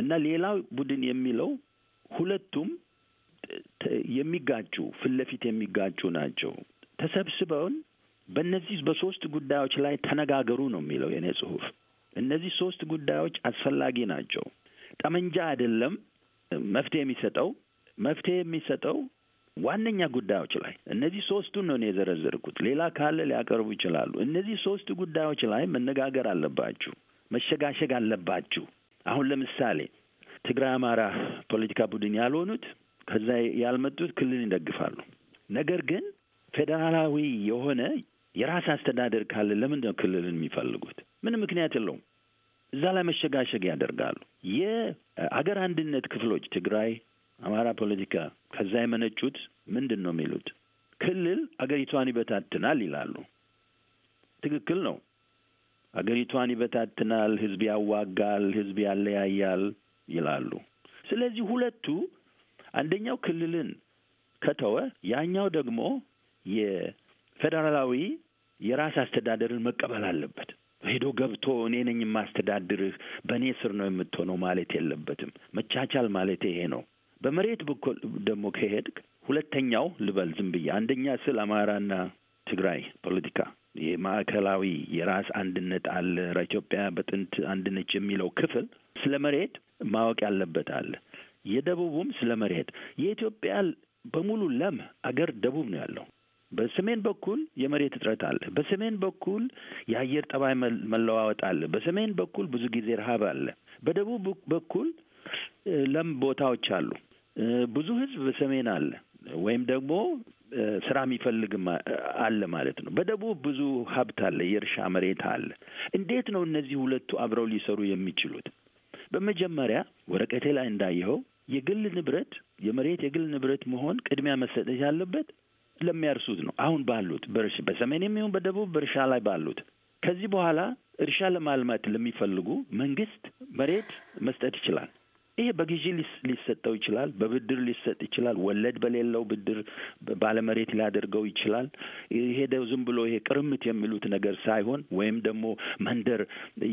እና ሌላው ቡድን የሚለው ሁለቱም የሚጋጩ ፊት ለፊት የሚጋጩ ናቸው። ተሰብስበውን በእነዚህ በሶስት ጉዳዮች ላይ ተነጋገሩ ነው የሚለው የእኔ ጽሁፍ እነዚህ ሶስት ጉዳዮች አስፈላጊ ናቸው። ጠመንጃ አይደለም መፍትሄ የሚሰጠው መፍትሄ የሚሰጠው ዋነኛ ጉዳዮች ላይ እነዚህ ሶስቱን ነው የዘረዘርኩት። ሌላ ካለ ሊያቀርቡ ይችላሉ። እነዚህ ሶስቱ ጉዳዮች ላይ መነጋገር አለባችሁ፣ መሸጋሸግ አለባችሁ። አሁን ለምሳሌ ትግራይ፣ አማራ ፖለቲካ ቡድን ያልሆኑት ከዛ ያልመጡት ክልል ይደግፋሉ። ነገር ግን ፌዴራላዊ የሆነ የራስ አስተዳደር ካለ ለምንድን ነው ክልልን የሚፈልጉት? ምን ምክንያት የለውም። እዛ ላይ መሸጋሸግ ያደርጋሉ። የአገር አንድነት ክፍሎች ትግራይ፣ አማራ ፖለቲካ ከዛ የመነጩት ምንድን ነው የሚሉት ክልል አገሪቷን ይበታትናል ይላሉ። ትክክል ነው። አገሪቷን ይበታትናል፣ ህዝብ ያዋጋል፣ ህዝብ ያለያያል ይላሉ። ስለዚህ ሁለቱ አንደኛው ክልልን ከተወ፣ ያኛው ደግሞ የፌዴራላዊ የራስ አስተዳደርን መቀበል አለበት። ሄዶ ገብቶ እኔ ነኝ የማስተዳድርህ በእኔ ስር ነው የምትሆነው ማለት የለበትም። መቻቻል ማለት ይሄ ነው። በመሬት በኩል ደግሞ ከሄድክ ሁለተኛው ልበል ዝም ብዬ አንደኛ ስለ አማራና ትግራይ ፖለቲካ የማዕከላዊ የራስ አንድነት አለ ኢትዮጵያ በጥንት አንድነች የሚለው ክፍል ስለ መሬት ማወቅ ያለበት አለ። የደቡቡም ስለ መሬት የኢትዮጵያ በሙሉ ለም አገር ደቡብ ነው ያለው። በሰሜን በኩል የመሬት እጥረት አለ። በሰሜን በኩል የአየር ጠባይ መለዋወጥ አለ። በሰሜን በኩል ብዙ ጊዜ ረሃብ አለ። በደቡብ በኩል ለም ቦታዎች አሉ። ብዙ ህዝብ ሰሜን አለ ወይም ደግሞ ስራ የሚፈልግም አለ ማለት ነው። በደቡብ ብዙ ሀብት አለ፣ የእርሻ መሬት አለ። እንዴት ነው እነዚህ ሁለቱ አብረው ሊሰሩ የሚችሉት? በመጀመሪያ ወረቀቴ ላይ እንዳየኸው የግል ንብረት የመሬት የግል ንብረት መሆን ቅድሚያ መሰጠት ያለበት ለሚያርሱት ነው። አሁን ባሉት በሰሜን የሚሆን በደቡብ በእርሻ ላይ ባሉት ከዚህ በኋላ እርሻ ለማልማት ለሚፈልጉ መንግስት መሬት መስጠት ይችላል። ይሄ በግዢ ሊሰጠው ይችላል፣ በብድር ሊሰጥ ይችላል፣ ወለድ በሌለው ብድር ባለመሬት ሊያደርገው ይችላል። ይሄ ዝም ብሎ ይሄ ቅርምት የሚሉት ነገር ሳይሆን ወይም ደግሞ መንደር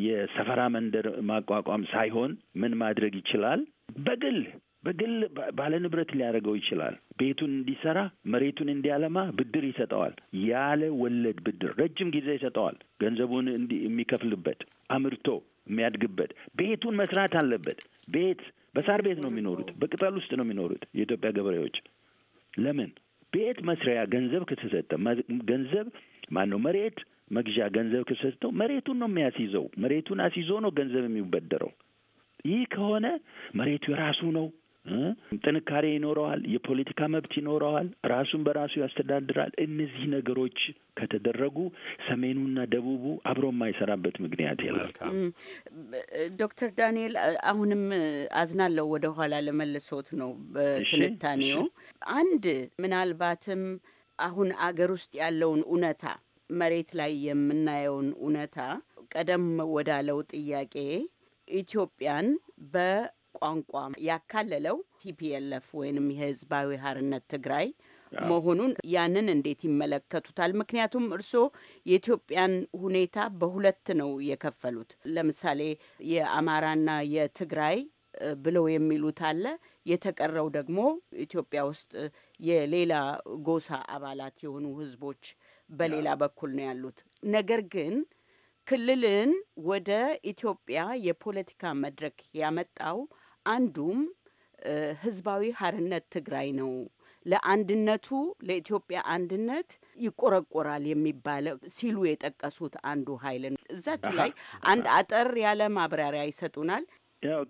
የሰፈራ መንደር ማቋቋም ሳይሆን ምን ማድረግ ይችላል በግል በግል ባለ ንብረት ሊያደርገው ይችላል። ቤቱን እንዲሰራ መሬቱን እንዲያለማ ብድር ይሰጠዋል። ያለ ወለድ ብድር ረጅም ጊዜ ይሰጠዋል። ገንዘቡን እንዲ የሚከፍልበት አምርቶ የሚያድግበት ቤቱን መስራት አለበት። ቤት በሳር ቤት ነው የሚኖሩት፣ በቅጠል ውስጥ ነው የሚኖሩት የኢትዮጵያ ገበሬዎች። ለምን ቤት መስሪያ ገንዘብ ከተሰጠ ገንዘብ ማነው መሬት መግዣ ገንዘብ ከተሰጠው መሬቱን ነው የሚያስይዘው። መሬቱን አስይዞ ነው ገንዘብ የሚበደረው። ይህ ከሆነ መሬቱ የራሱ ነው ጥንካሬ ይኖረዋል፣ የፖለቲካ መብት ይኖረዋል፣ ራሱን በራሱ ያስተዳድራል። እነዚህ ነገሮች ከተደረጉ ሰሜኑና ደቡቡ አብሮ የማይሰራበት ምክንያት የለም። ዶክተር ዳንኤል አሁንም አዝናለው ወደ ኋላ ለመልሶት ነው በትንታኔው አንድ ምናልባትም አሁን አገር ውስጥ ያለውን እውነታ መሬት ላይ የምናየውን እውነታ ቀደም ወዳለው ጥያቄ ኢትዮጵያን በ ቋንቋ ያካለለው ቲፒኤልኤፍ ወይንም የህዝባዊ ሀርነት ትግራይ መሆኑን ያንን እንዴት ይመለከቱታል? ምክንያቱም እርስዎ የኢትዮጵያን ሁኔታ በሁለት ነው የከፈሉት። ለምሳሌ የአማራና የትግራይ ብለው የሚሉት አለ። የተቀረው ደግሞ ኢትዮጵያ ውስጥ የሌላ ጎሳ አባላት የሆኑ ህዝቦች በሌላ በኩል ነው ያሉት። ነገር ግን ክልልን ወደ ኢትዮጵያ የፖለቲካ መድረክ ያመጣው አንዱም ህዝባዊ ሀርነት ትግራይ ነው። ለአንድነቱ ለኢትዮጵያ አንድነት ይቆረቆራል የሚባለው ሲሉ የጠቀሱት አንዱ ኃይል ነው። እዛች ላይ አንድ አጠር ያለ ማብራሪያ ይሰጡናል። ያው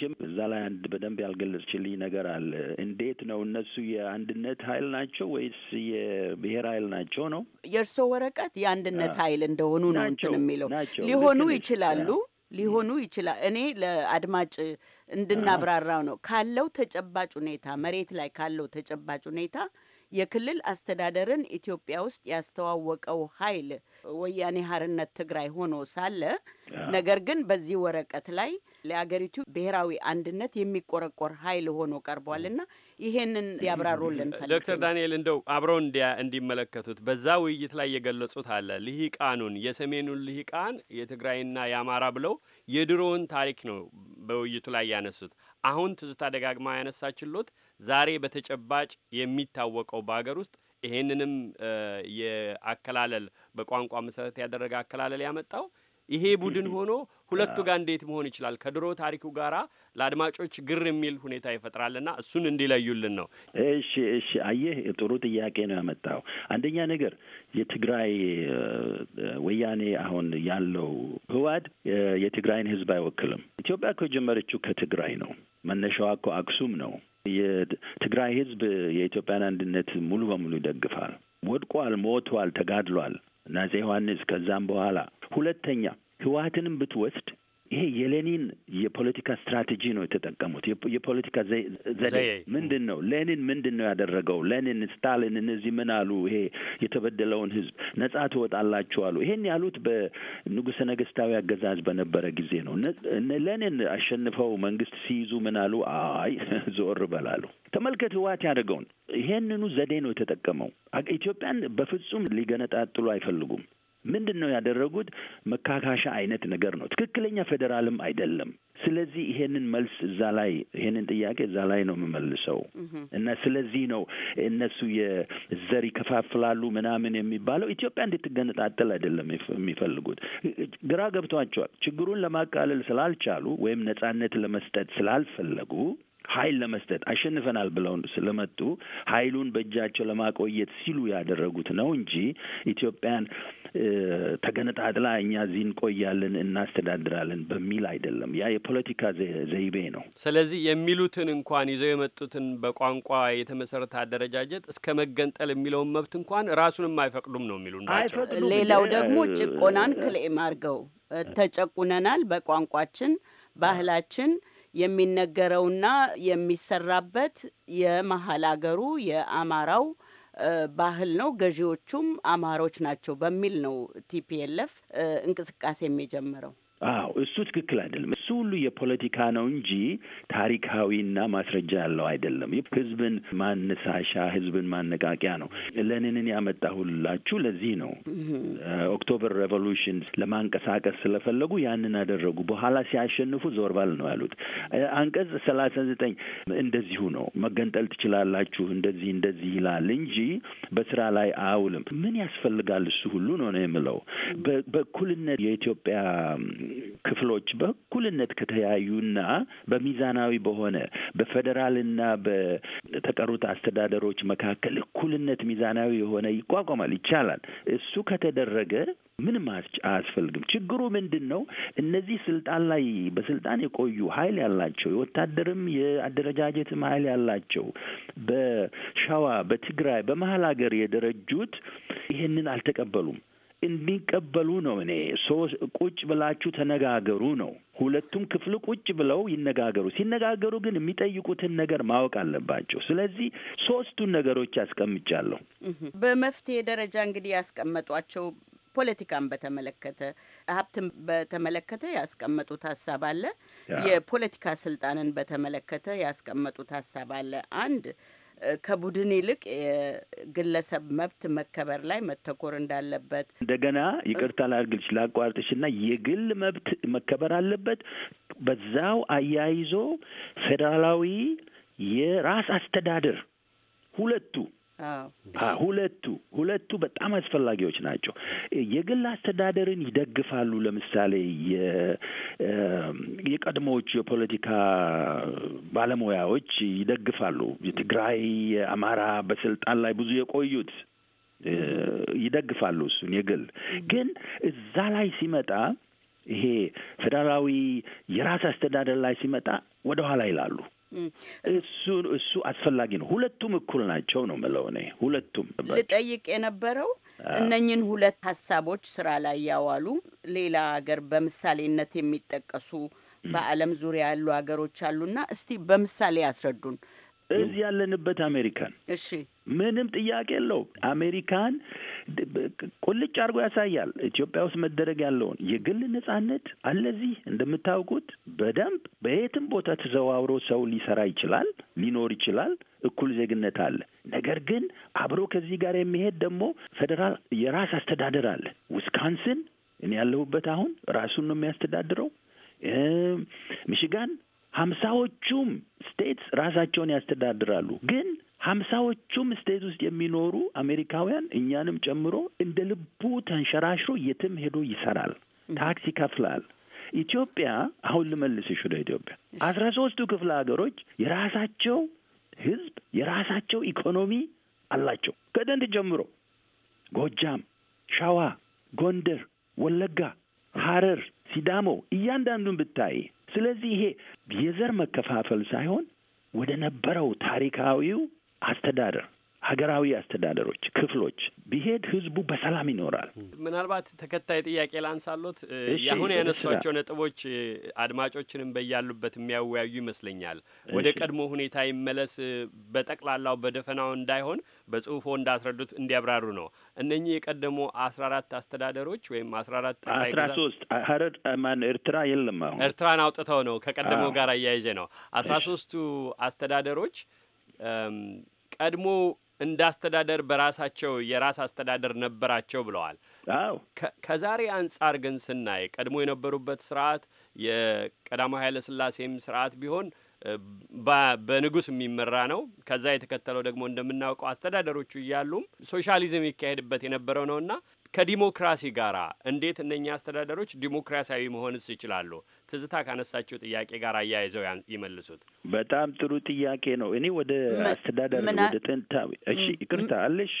ሽም እዛ ላይ አንድ በደንብ ያልገለጽችልኝ ነገር አለ። እንዴት ነው እነሱ የአንድነት ኃይል ናቸው ወይስ የብሔር ኃይል ናቸው ነው? የእርስዎ ወረቀት የአንድነት ኃይል እንደሆኑ ነው እንትን የሚለው ሊሆኑ ይችላሉ ሊሆኑ ይችላል። እኔ ለአድማጭ እንድናብራራው ነው ካለው ተጨባጭ ሁኔታ መሬት ላይ ካለው ተጨባጭ ሁኔታ የክልል አስተዳደርን ኢትዮጵያ ውስጥ ያስተዋወቀው ኃይል ወያኔ ሀርነት ትግራይ ሆኖ ሳለ ነገር ግን በዚህ ወረቀት ላይ ለአገሪቱ ብሔራዊ አንድነት የሚቆረቆር ኃይል ሆኖ ቀርቧል ይሄንን ያብራሩልን ፈልግ ዶክተር ዳንኤል እንደው አብረው እንዲመለከቱት በዛ ውይይት ላይ የገለጹት አለ ልሂቃኑን የሰሜኑን ልሂቃን የትግራይና የአማራ ብለው የድሮውን ታሪክ ነው በውይይቱ ላይ ያነሱት። አሁን ትዝታ ደጋግማ ያነሳችሎት ዛሬ በተጨባጭ የሚታወቀው በሀገር ውስጥ ይሄንንም የአከላለል በቋንቋ መሰረት ያደረገ አከላለል ያመጣው ይሄ ቡድን ሆኖ ሁለቱ ጋር እንዴት መሆን ይችላል? ከድሮ ታሪኩ ጋር ለአድማጮች ግር የሚል ሁኔታ ይፈጥራልና እሱን እንዲለዩልን ነው። እሺ፣ እሺ። አየህ ጥሩ ጥያቄ ነው ያመጣው። አንደኛ ነገር የትግራይ ወያኔ አሁን ያለው ህዋድ የትግራይን ህዝብ አይወክልም። ኢትዮጵያ እኮ የጀመረችው ከትግራይ ነው። መነሻዋ እኮ አክሱም ነው። የትግራይ ህዝብ የኢትዮጵያን አንድነት ሙሉ በሙሉ ይደግፋል። ወድቋል፣ ሞቷል፣ ተጋድሏል። አፄ ዮሐንስ ከዛም በኋላ ሁለተኛ ህወሀትንም ብትወስድ ይሄ የሌኒን የፖለቲካ ስትራቴጂ ነው የተጠቀሙት። የፖለቲካ ዘዴ ምንድን ነው? ሌኒን ምንድን ነው ያደረገው? ሌኒን፣ ስታሊን እነዚህ ምን አሉ? ይሄ የተበደለውን ህዝብ ነጻ ትወጣላችሁ አሉ። ይሄን ያሉት በንጉሠ ነገስታዊ አገዛዝ በነበረ ጊዜ ነው። ሌኒን አሸንፈው መንግስት ሲይዙ ምን አሉ? አይ ዞር በላሉ። ተመልከት ህወሓት ያደርገውን ይሄንኑ ዘዴ ነው የተጠቀመው። ኢትዮጵያን በፍጹም ሊገነጣጥሉ አይፈልጉም። ምንድን ነው ያደረጉት? መካካሻ አይነት ነገር ነው። ትክክለኛ ፌዴራልም አይደለም። ስለዚህ ይሄንን መልስ እዛ ላይ ይሄንን ጥያቄ እዛ ላይ ነው የምመልሰው እና ስለዚህ ነው እነሱ የዘር ይከፋፍላሉ ምናምን የሚባለው ኢትዮጵያ እንድትገነጣጠል አይደለም የሚፈልጉት። ግራ ገብቷቸዋል። ችግሩን ለማቃለል ስላልቻሉ ወይም ነጻነት ለመስጠት ስላልፈለጉ ኃይል ለመስጠት አሸንፈናል ብለው ስለመጡ ኃይሉን በእጃቸው ለማቆየት ሲሉ ያደረጉት ነው እንጂ ኢትዮጵያን ተገነጣጥላ እኛ እዚህ እንቆያለን እናስተዳድራለን በሚል አይደለም። ያ የፖለቲካ ዘይቤ ነው። ስለዚህ የሚሉትን እንኳን ይዘው የመጡትን በቋንቋ የተመሰረተ አደረጃጀት እስከ መገንጠል የሚለውን መብት እንኳን ራሱንም አይፈቅዱም ነው የሚሉ ሌላው ደግሞ ጭቆናን ክሌም አድርገው ተጨቁነናል፣ በቋንቋችን ባህላችን የሚነገረውና የሚሰራበት የመሀል አገሩ የአማራው ባህል ነው። ገዢዎቹም አማሮች ናቸው በሚል ነው ቲፒኤልኤፍ እንቅስቃሴ የሚጀምረው። አዎ እሱ ትክክል አይደለም። እሱ ሁሉ የፖለቲካ ነው እንጂ ታሪካዊና ማስረጃ ያለው አይደለም። ህዝብን ማነሳሻ፣ ህዝብን ማነቃቂያ ነው። ለንንን ያመጣሁላችሁ ለዚህ ነው። ኦክቶበር ሬቮሉሽን ለማንቀሳቀስ ስለፈለጉ ያንን አደረጉ። በኋላ ሲያሸንፉ ዞርባል ነው ያሉት። አንቀጽ ሰላሳ ዘጠኝ እንደዚሁ ነው። መገንጠል ትችላላችሁ እንደዚህ እንደዚህ ይላል እንጂ በስራ ላይ አውልም ምን ያስፈልጋል? እሱ ሁሉ ነው ነው የምለው በእኩልነት የኢትዮጵያ ክፍሎች በእኩልነት ከተያዩና በሚዛናዊ በሆነ በፌዴራልና በተቀሩት አስተዳደሮች መካከል እኩልነት ሚዛናዊ የሆነ ይቋቋማል፣ ይቻላል። እሱ ከተደረገ ምንም አያስፈልግም። ችግሩ ምንድን ነው? እነዚህ ስልጣን ላይ በስልጣን የቆዩ ኃይል ያላቸው የወታደርም የአደረጃጀትም ኃይል ያላቸው በሸዋ በትግራይ በመሀል ሀገር የደረጁት ይህንን አልተቀበሉም። እንዲቀበሉ ነው። እኔ ሶስት ቁጭ ብላችሁ ተነጋገሩ ነው። ሁለቱም ክፍል ቁጭ ብለው ይነጋገሩ። ሲነጋገሩ ግን የሚጠይቁትን ነገር ማወቅ አለባቸው። ስለዚህ ሶስቱን ነገሮች አስቀምጫለሁ። በመፍትሄ ደረጃ እንግዲህ ያስቀመጧቸው ፖለቲካን በተመለከተ ሀብትን በተመለከተ ያስቀመጡት ሀሳብ አለ። የፖለቲካ ስልጣንን በተመለከተ ያስቀመጡት ሀሳብ አለ። አንድ ከቡድን ይልቅ የግለሰብ መብት መከበር ላይ መተኮር እንዳለበት እንደገና ይቅርታ ላድርግልሽ ላቋርጥሽና የግል መብት መከበር አለበት። በዛው አያይዞ ፌዴራላዊ የራስ አስተዳደር ሁለቱ ሁለቱ ሁለቱ በጣም አስፈላጊዎች ናቸው። የግል አስተዳደርን ይደግፋሉ። ለምሳሌ የቀድሞዎቹ የፖለቲካ ባለሙያዎች ይደግፋሉ። የትግራይ፣ የአማራ በስልጣን ላይ ብዙ የቆዩት ይደግፋሉ። እሱን የግል ግን እዛ ላይ ሲመጣ ይሄ ፌዴራላዊ የራስ አስተዳደር ላይ ሲመጣ ወደኋላ ይላሉ። እሱ እሱ አስፈላጊ ነው። ሁለቱም እኩል ናቸው ነው የምለው እኔ። ሁለቱም ልጠይቅ የነበረው እነኝን ሁለት ሀሳቦች ስራ ላይ ያዋሉ ሌላ ሀገር በምሳሌነት የሚጠቀሱ በዓለም ዙሪያ ያሉ ሀገሮች አሉና እስቲ በምሳሌ ያስረዱን። እዚህ ያለንበት አሜሪካን እሺ ምንም ጥያቄ የለውም። አሜሪካን ቁልጭ አድርጎ ያሳያል። ኢትዮጵያ ውስጥ መደረግ ያለውን የግል ነጻነት አለዚህ እንደምታውቁት በደንብ በየትም ቦታ ተዘዋውሮ ሰው ሊሰራ ይችላል፣ ሊኖር ይችላል። እኩል ዜግነት አለ። ነገር ግን አብሮ ከዚህ ጋር የሚሄድ ደግሞ ፌዴራል የራስ አስተዳደር አለ። ዊስካንስን እኔ ያለሁበት አሁን ራሱን ነው የሚያስተዳድረው። ሚሽጋን ሀምሳዎቹም ስቴትስ ራሳቸውን ያስተዳድራሉ ግን ሀምሳዎቹም ስቴት ውስጥ የሚኖሩ አሜሪካውያን እኛንም ጨምሮ እንደ ልቡ ተንሸራሽሮ የትም ሄዶ ይሰራል፣ ታክስ ይከፍላል። ኢትዮጵያ አሁን ልመልስሽ ወደ ኢትዮጵያ አስራ ሶስቱ ክፍለ ሀገሮች የራሳቸው ህዝብ የራሳቸው ኢኮኖሚ አላቸው። ከደንድ ጀምሮ ጎጃም፣ ሸዋ፣ ጎንደር፣ ወለጋ፣ ሀረር ሲዳሞ እያንዳንዱን ብታይ። ስለዚህ ይሄ የዘር መከፋፈል ሳይሆን ወደ ነበረው ታሪካዊው አስተዳደር ሀገራዊ አስተዳደሮች ክፍሎች ቢሄድ ህዝቡ በሰላም ይኖራል። ምናልባት ተከታይ ጥያቄ ላንሳሎት። አሁን ያነሷቸው ነጥቦች አድማጮችንም በያሉበት የሚያወያዩ ይመስለኛል። ወደ ቀድሞ ሁኔታ ይመለስ በጠቅላላው በደፈናው እንዳይሆን በጽሁፎ እንዳስረዱት እንዲያብራሩ ነው። እነኚህ የቀደሙ አስራ አራት አስተዳደሮች ወይም አስራ አራት አስራ ሶስት ሀረር ማን ኤርትራ የለም። አሁን ኤርትራን አውጥተው ነው ከቀደሞ ጋር አያይዤ ነው አስራ ሶስቱ አስተዳደሮች ቀድሞ እንደ አስተዳደር በራሳቸው የራስ አስተዳደር ነበራቸው ብለዋል። አዎ ከዛሬ አንጻር ግን ስናይ ቀድሞ የነበሩበት ስርዓት የቀዳማዊ ኃይለ ስርዓት ቢሆን በንጉስ የሚመራ ነው። ከዛ የተከተለው ደግሞ እንደምናውቀው አስተዳደሮቹ እያሉም ሶሻሊዝም ይካሄድበት የነበረው ነውና ከዲሞክራሲ ጋር እንዴት እነኛ አስተዳደሮች ዲሞክራሲያዊ መሆንስ ይችላሉ? ትዝታ ካነሳችው ጥያቄ ጋር አያይዘው ይመልሱት። በጣም ጥሩ ጥያቄ ነው። እኔ ወደ አስተዳደር ወደ ጥንታዊ እሺ፣ ይቅርታ አለሽ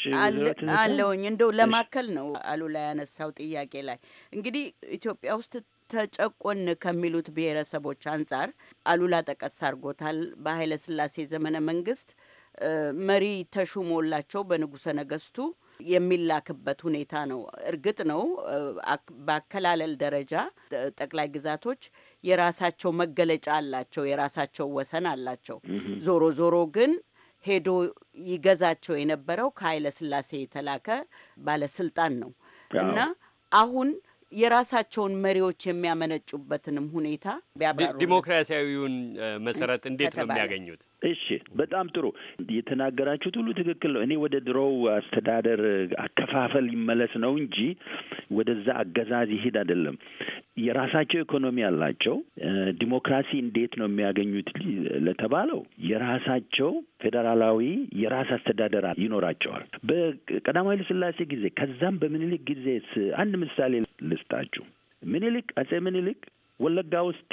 አለውኝ እንደው ለማከል ነው አሉላ ያነሳው ጥያቄ ላይ እንግዲህ ኢትዮጵያ ውስጥ ተጨቆን ከሚሉት ብሔረሰቦች አንጻር አሉላ ጠቀስ አድርጎታል። በኃይለ ስላሴ ዘመነ መንግስት መሪ ተሹሞላቸው በንጉሰ ነገስቱ የሚላክበት ሁኔታ ነው። እርግጥ ነው በአከላለል ደረጃ ጠቅላይ ግዛቶች የራሳቸው መገለጫ አላቸው፣ የራሳቸው ወሰን አላቸው። ዞሮ ዞሮ ግን ሄዶ ይገዛቸው የነበረው ከኃይለ ስላሴ የተላከ ባለስልጣን ነው እና አሁን የራሳቸውን መሪዎች የሚያመነጩበትንም ሁኔታ ዲሞክራሲያዊውን መሰረት እንዴት ነው የሚያገኙት? እሺ፣ በጣም ጥሩ የተናገራችሁት ሁሉ ትክክል ነው። እኔ ወደ ድሮው አስተዳደር አከፋፈል ይመለስ ነው እንጂ ወደዛ አገዛዝ ይሄድ አይደለም። የራሳቸው ኢኮኖሚ አላቸው። ዲሞክራሲ እንዴት ነው የሚያገኙት ለተባለው የራሳቸው ፌዴራላዊ የራስ አስተዳደር ይኖራቸዋል። በቀዳማዊ ኃይለ ጊዜ ከዛም በምኒልክ ጊዜ አንድ ምሳሌ ልስጣችሁ። ምኒልክ አጼ ምኒልክ ወለጋ ውስጥ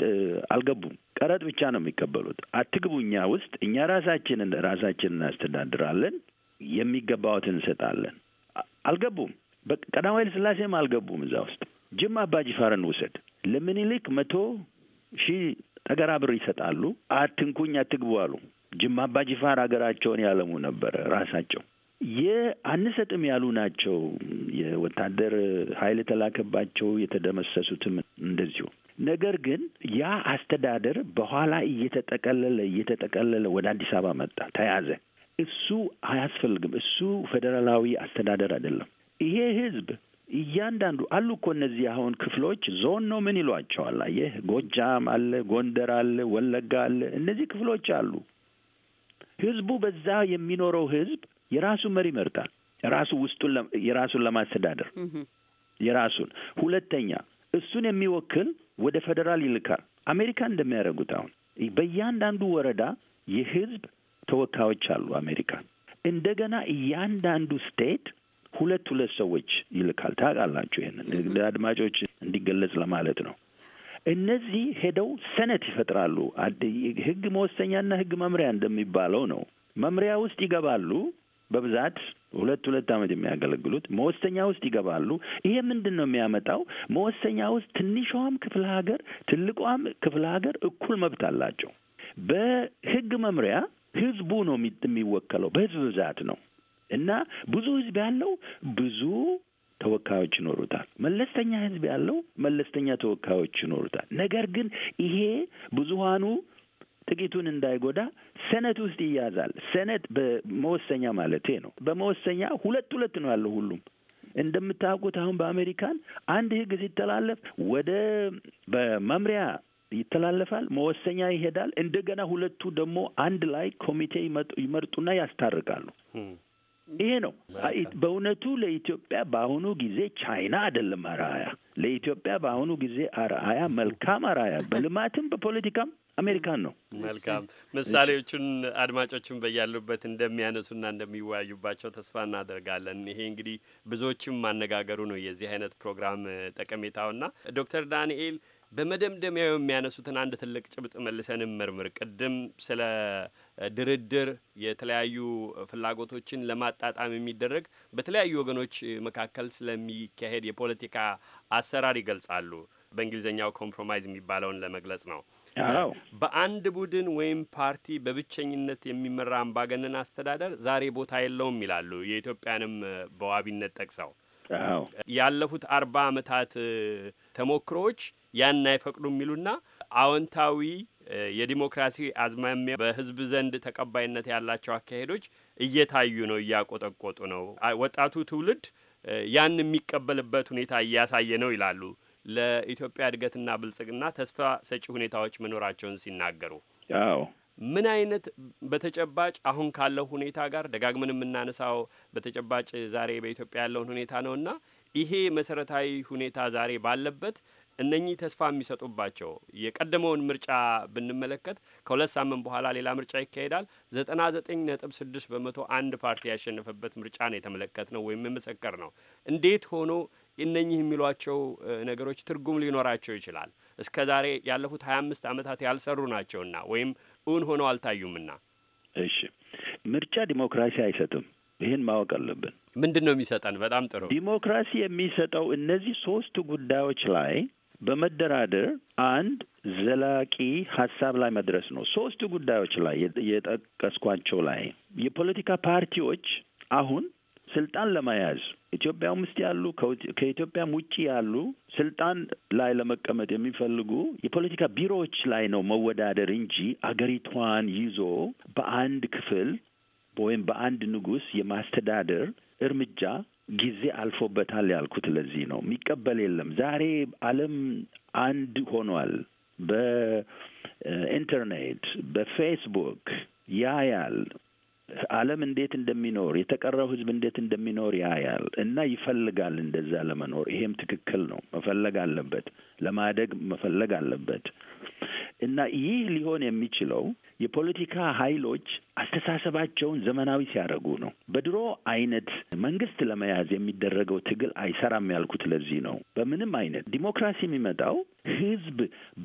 አልገቡም። ቀረጥ ብቻ ነው የሚቀበሉት። አትግቡ እኛ ውስጥ እኛ ራሳችንን ራሳችን እናስተዳድራለን፣ የሚገባዎትን እንሰጣለን። አልገቡም። ቀዳማዊ ኃይለ ሥላሴም አልገቡም። እዛ ውስጥ ጅማ አባጅፋርን ውሰድ። ለምኒልክ መቶ ሺህ ጠገራ ብር ይሰጣሉ። አትንኩኝ፣ አትግቡ አሉ። ጅማ አባጅፋር ሀገራቸውን ያለሙ ነበረ ራሳቸው የአንሰጥም ያሉ ናቸው። የወታደር ኃይል የተላከባቸው የተደመሰሱትም እንደዚሁ ነገር ግን ያ አስተዳደር በኋላ እየተጠቀለለ እየተጠቀለለ ወደ አዲስ አበባ መጣ፣ ተያዘ። እሱ አያስፈልግም። እሱ ፌዴራላዊ አስተዳደር አይደለም። ይሄ ህዝብ እያንዳንዱ አሉ እኮ እነዚህ አሁን ክፍሎች ዞን ነው ምን ይሏቸዋል? አየህ፣ ጎጃም አለ፣ ጎንደር አለ፣ ወለጋ አለ። እነዚህ ክፍሎች አሉ። ህዝቡ በዛ የሚኖረው ህዝብ የራሱ መሪ ይመርጣል። ራሱ ውስጡን የራሱን ለማስተዳደር የራሱን ሁለተኛ እሱን የሚወክል ወደ ፌዴራል ይልካል። አሜሪካ እንደሚያደርጉት አሁን በእያንዳንዱ ወረዳ የህዝብ ተወካዮች አሉ። አሜሪካ እንደገና እያንዳንዱ ስቴት ሁለት ሁለት ሰዎች ይልካል። ታውቃላችሁ፣ ይህንን አድማጮች እንዲገለጽ ለማለት ነው። እነዚህ ሄደው ሰነት ይፈጥራሉ። ህግ መወሰኛና ህግ መምሪያ እንደሚባለው ነው። መምሪያ ውስጥ ይገባሉ። በብዛት ሁለት ሁለት ዓመት የሚያገለግሉት መወሰኛ ውስጥ ይገባሉ። ይሄ ምንድን ነው የሚያመጣው? መወሰኛ ውስጥ ትንሿም ክፍለ ሀገር፣ ትልቋም ክፍለ ሀገር እኩል መብት አላቸው። በህግ መምሪያ ህዝቡ ነው የሚወከለው፣ በህዝብ ብዛት ነው እና ብዙ ህዝብ ያለው ብዙ ተወካዮች ይኖሩታል። መለስተኛ ህዝብ ያለው መለስተኛ ተወካዮች ይኖሩታል። ነገር ግን ይሄ ብዙሀኑ ጥቂቱን እንዳይጎዳ ሰነት ውስጥ ይያዛል። ሰነት በመወሰኛ ማለት ነው። በመወሰኛ ሁለት ሁለት ነው ያለው ሁሉም እንደምታውቁት አሁን በአሜሪካን አንድ ህግ ሲተላለፍ ወደ በመምሪያ ይተላለፋል፣ መወሰኛ ይሄዳል። እንደገና ሁለቱ ደግሞ አንድ ላይ ኮሚቴ ይመርጡና ያስታርቃሉ። ይሄ ነው በእውነቱ ለኢትዮጵያ በአሁኑ ጊዜ ቻይና አይደለም አርአያ። ለኢትዮጵያ በአሁኑ ጊዜ አርአያ መልካም አርአያ በልማትም በፖለቲካም አሜሪካን ነው። መልካም ምሳሌዎቹን አድማጮችን በያሉበት እንደሚያነሱና እንደሚወያዩባቸው ተስፋ እናደርጋለን። ይሄ እንግዲህ ብዙዎችም ማነጋገሩ ነው የዚህ አይነት ፕሮግራም ጠቀሜታውና ዶክተር ዳንኤል በመደምደሚያው የሚያነሱትን አንድ ትልቅ ጭብጥ መልሰን መርምር። ቅድም ስለ ድርድር የተለያዩ ፍላጎቶችን ለማጣጣም የሚደረግ በተለያዩ ወገኖች መካከል ስለሚካሄድ የፖለቲካ አሰራር ይገልጻሉ። በእንግሊዝኛው ኮምፕሮማይዝ የሚባለውን ለመግለጽ ነው። በአንድ ቡድን ወይም ፓርቲ በብቸኝነት የሚመራ አምባገነን አስተዳደር ዛሬ ቦታ የለውም ይላሉ። የኢትዮጵያንም በዋቢነት ጠቅሰው ያለፉት አርባ ዓመታት ተሞክሮዎች ያን አይፈቅዱ የሚሉና አዎንታዊ የዲሞክራሲ አዝማሚያ በህዝብ ዘንድ ተቀባይነት ያላቸው አካሄዶች እየታዩ ነው፣ እያቆጠቆጡ ነው። ወጣቱ ትውልድ ያን የሚቀበልበት ሁኔታ እያሳየ ነው ይላሉ። ለኢትዮጵያ እድገትና ብልጽግና ተስፋ ሰጪ ሁኔታዎች መኖራቸውን ሲናገሩ አዎ ምን አይነት በተጨባጭ አሁን ካለው ሁኔታ ጋር ደጋግመን የምናነሳው በተጨባጭ ዛሬ በኢትዮጵያ ያለውን ሁኔታ ነውና ይሄ መሰረታዊ ሁኔታ ዛሬ ባለበት እነኚህ ተስፋ የሚሰጡባቸው የቀደመውን ምርጫ ብንመለከት ከሁለት ሳምንት በኋላ ሌላ ምርጫ ይካሄዳል። ዘጠና ዘጠኝ ነጥብ ስድስት በመቶ አንድ ፓርቲ ያሸነፈበት ምርጫ ነው የተመለከት ነው ወይም የመሰከር ነው። እንዴት ሆኖ እነኚህ የሚሏቸው ነገሮች ትርጉም ሊኖራቸው ይችላል? እስከ ዛሬ ያለፉት ሀያ አምስት ዓመታት ያልሰሩ ናቸውና ወይም እውን ሆነው አልታዩምና። እሺ ምርጫ ዲሞክራሲ አይሰጥም። ይህን ማወቅ አለብን። ምንድን ነው የሚሰጠን? በጣም ጥሩ። ዲሞክራሲ የሚሰጠው እነዚህ ሶስት ጉዳዮች ላይ በመደራደር አንድ ዘላቂ ሀሳብ ላይ መድረስ ነው። ሶስቱ ጉዳዮች ላይ የጠቀስኳቸው ላይ የፖለቲካ ፓርቲዎች አሁን ስልጣን ለመያዝ ኢትዮጵያም ውስጥ ያሉ ከኢትዮጵያም ውጭ ያሉ ስልጣን ላይ ለመቀመጥ የሚፈልጉ የፖለቲካ ቢሮዎች ላይ ነው መወዳደር እንጂ አገሪቷን ይዞ በአንድ ክፍል ወይም በአንድ ንጉስ የማስተዳደር እርምጃ ጊዜ አልፎበታል ያልኩት ለዚህ ነው። የሚቀበል የለም። ዛሬ ዓለም አንድ ሆኗል። በኢንተርኔት በፌስቡክ ያያል ዓለም እንዴት እንደሚኖር የተቀረው ህዝብ እንዴት እንደሚኖር ያያል እና ይፈልጋል እንደዛ ለመኖር። ይሄም ትክክል ነው። መፈለግ አለበት፣ ለማደግ መፈለግ አለበት እና ይህ ሊሆን የሚችለው የፖለቲካ ኃይሎች አስተሳሰባቸውን ዘመናዊ ሲያደርጉ ነው። በድሮ አይነት መንግስት ለመያዝ የሚደረገው ትግል አይሰራም ያልኩት ለዚህ ነው። በምንም አይነት ዲሞክራሲ የሚመጣው ህዝብ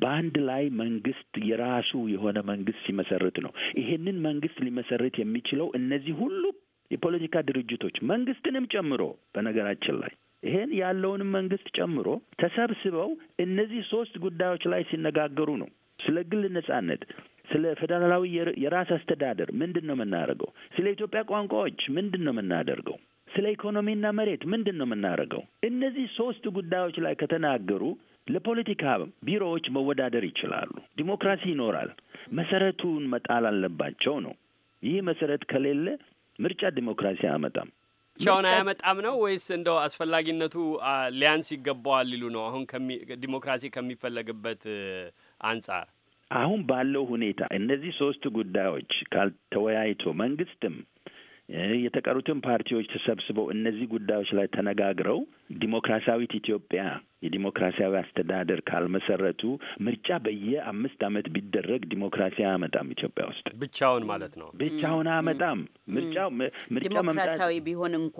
በአንድ ላይ መንግስት የራሱ የሆነ መንግስት ሲመሰርት ነው። ይሄንን መንግስት ሊመሰርት የሚችለው እነዚህ ሁሉ የፖለቲካ ድርጅቶች መንግስትንም ጨምሮ በነገራችን ላይ ይሄን ያለውንም መንግስት ጨምሮ ተሰብስበው እነዚህ ሶስት ጉዳዮች ላይ ሲነጋገሩ ነው ስለ ግል ነጻነት፣ ስለ ፌዴራላዊ የራስ አስተዳደር ምንድን ነው የምናደርገው? ስለ ኢትዮጵያ ቋንቋዎች ምንድን ነው የምናደርገው? ስለ ኢኮኖሚና መሬት ምንድን ነው የምናደርገው? እነዚህ ሶስት ጉዳዮች ላይ ከተናገሩ ለፖለቲካ ቢሮዎች መወዳደር ይችላሉ። ዲሞክራሲ ይኖራል። መሰረቱን መጣል አለባቸው ነው። ይህ መሰረት ከሌለ ምርጫ ዲሞክራሲ አመጣም። ብቻውን አያመጣም ነው ወይስ እንደው አስፈላጊነቱ ሊያንስ ይገባዋል ሊሉ ነው? አሁን ዲሞክራሲ ከሚፈለግበት አንጻር አሁን ባለው ሁኔታ እነዚህ ሶስት ጉዳዮች ካልተወያይቶ መንግስትም የተቀሩትን ፓርቲዎች ተሰብስበው እነዚህ ጉዳዮች ላይ ተነጋግረው ዲሞክራሲያዊት ኢትዮጵያ የዲሞክራሲያዊ አስተዳደር ካልመሰረቱ ምርጫ በየአምስት ዓመት ቢደረግ ዲሞክራሲ አያመጣም። ኢትዮጵያ ውስጥ ብቻውን ማለት ነው። ብቻውን አያመጣም። ምርጫ ምርጫ ዲሞክራሲያዊ ቢሆን እንኳ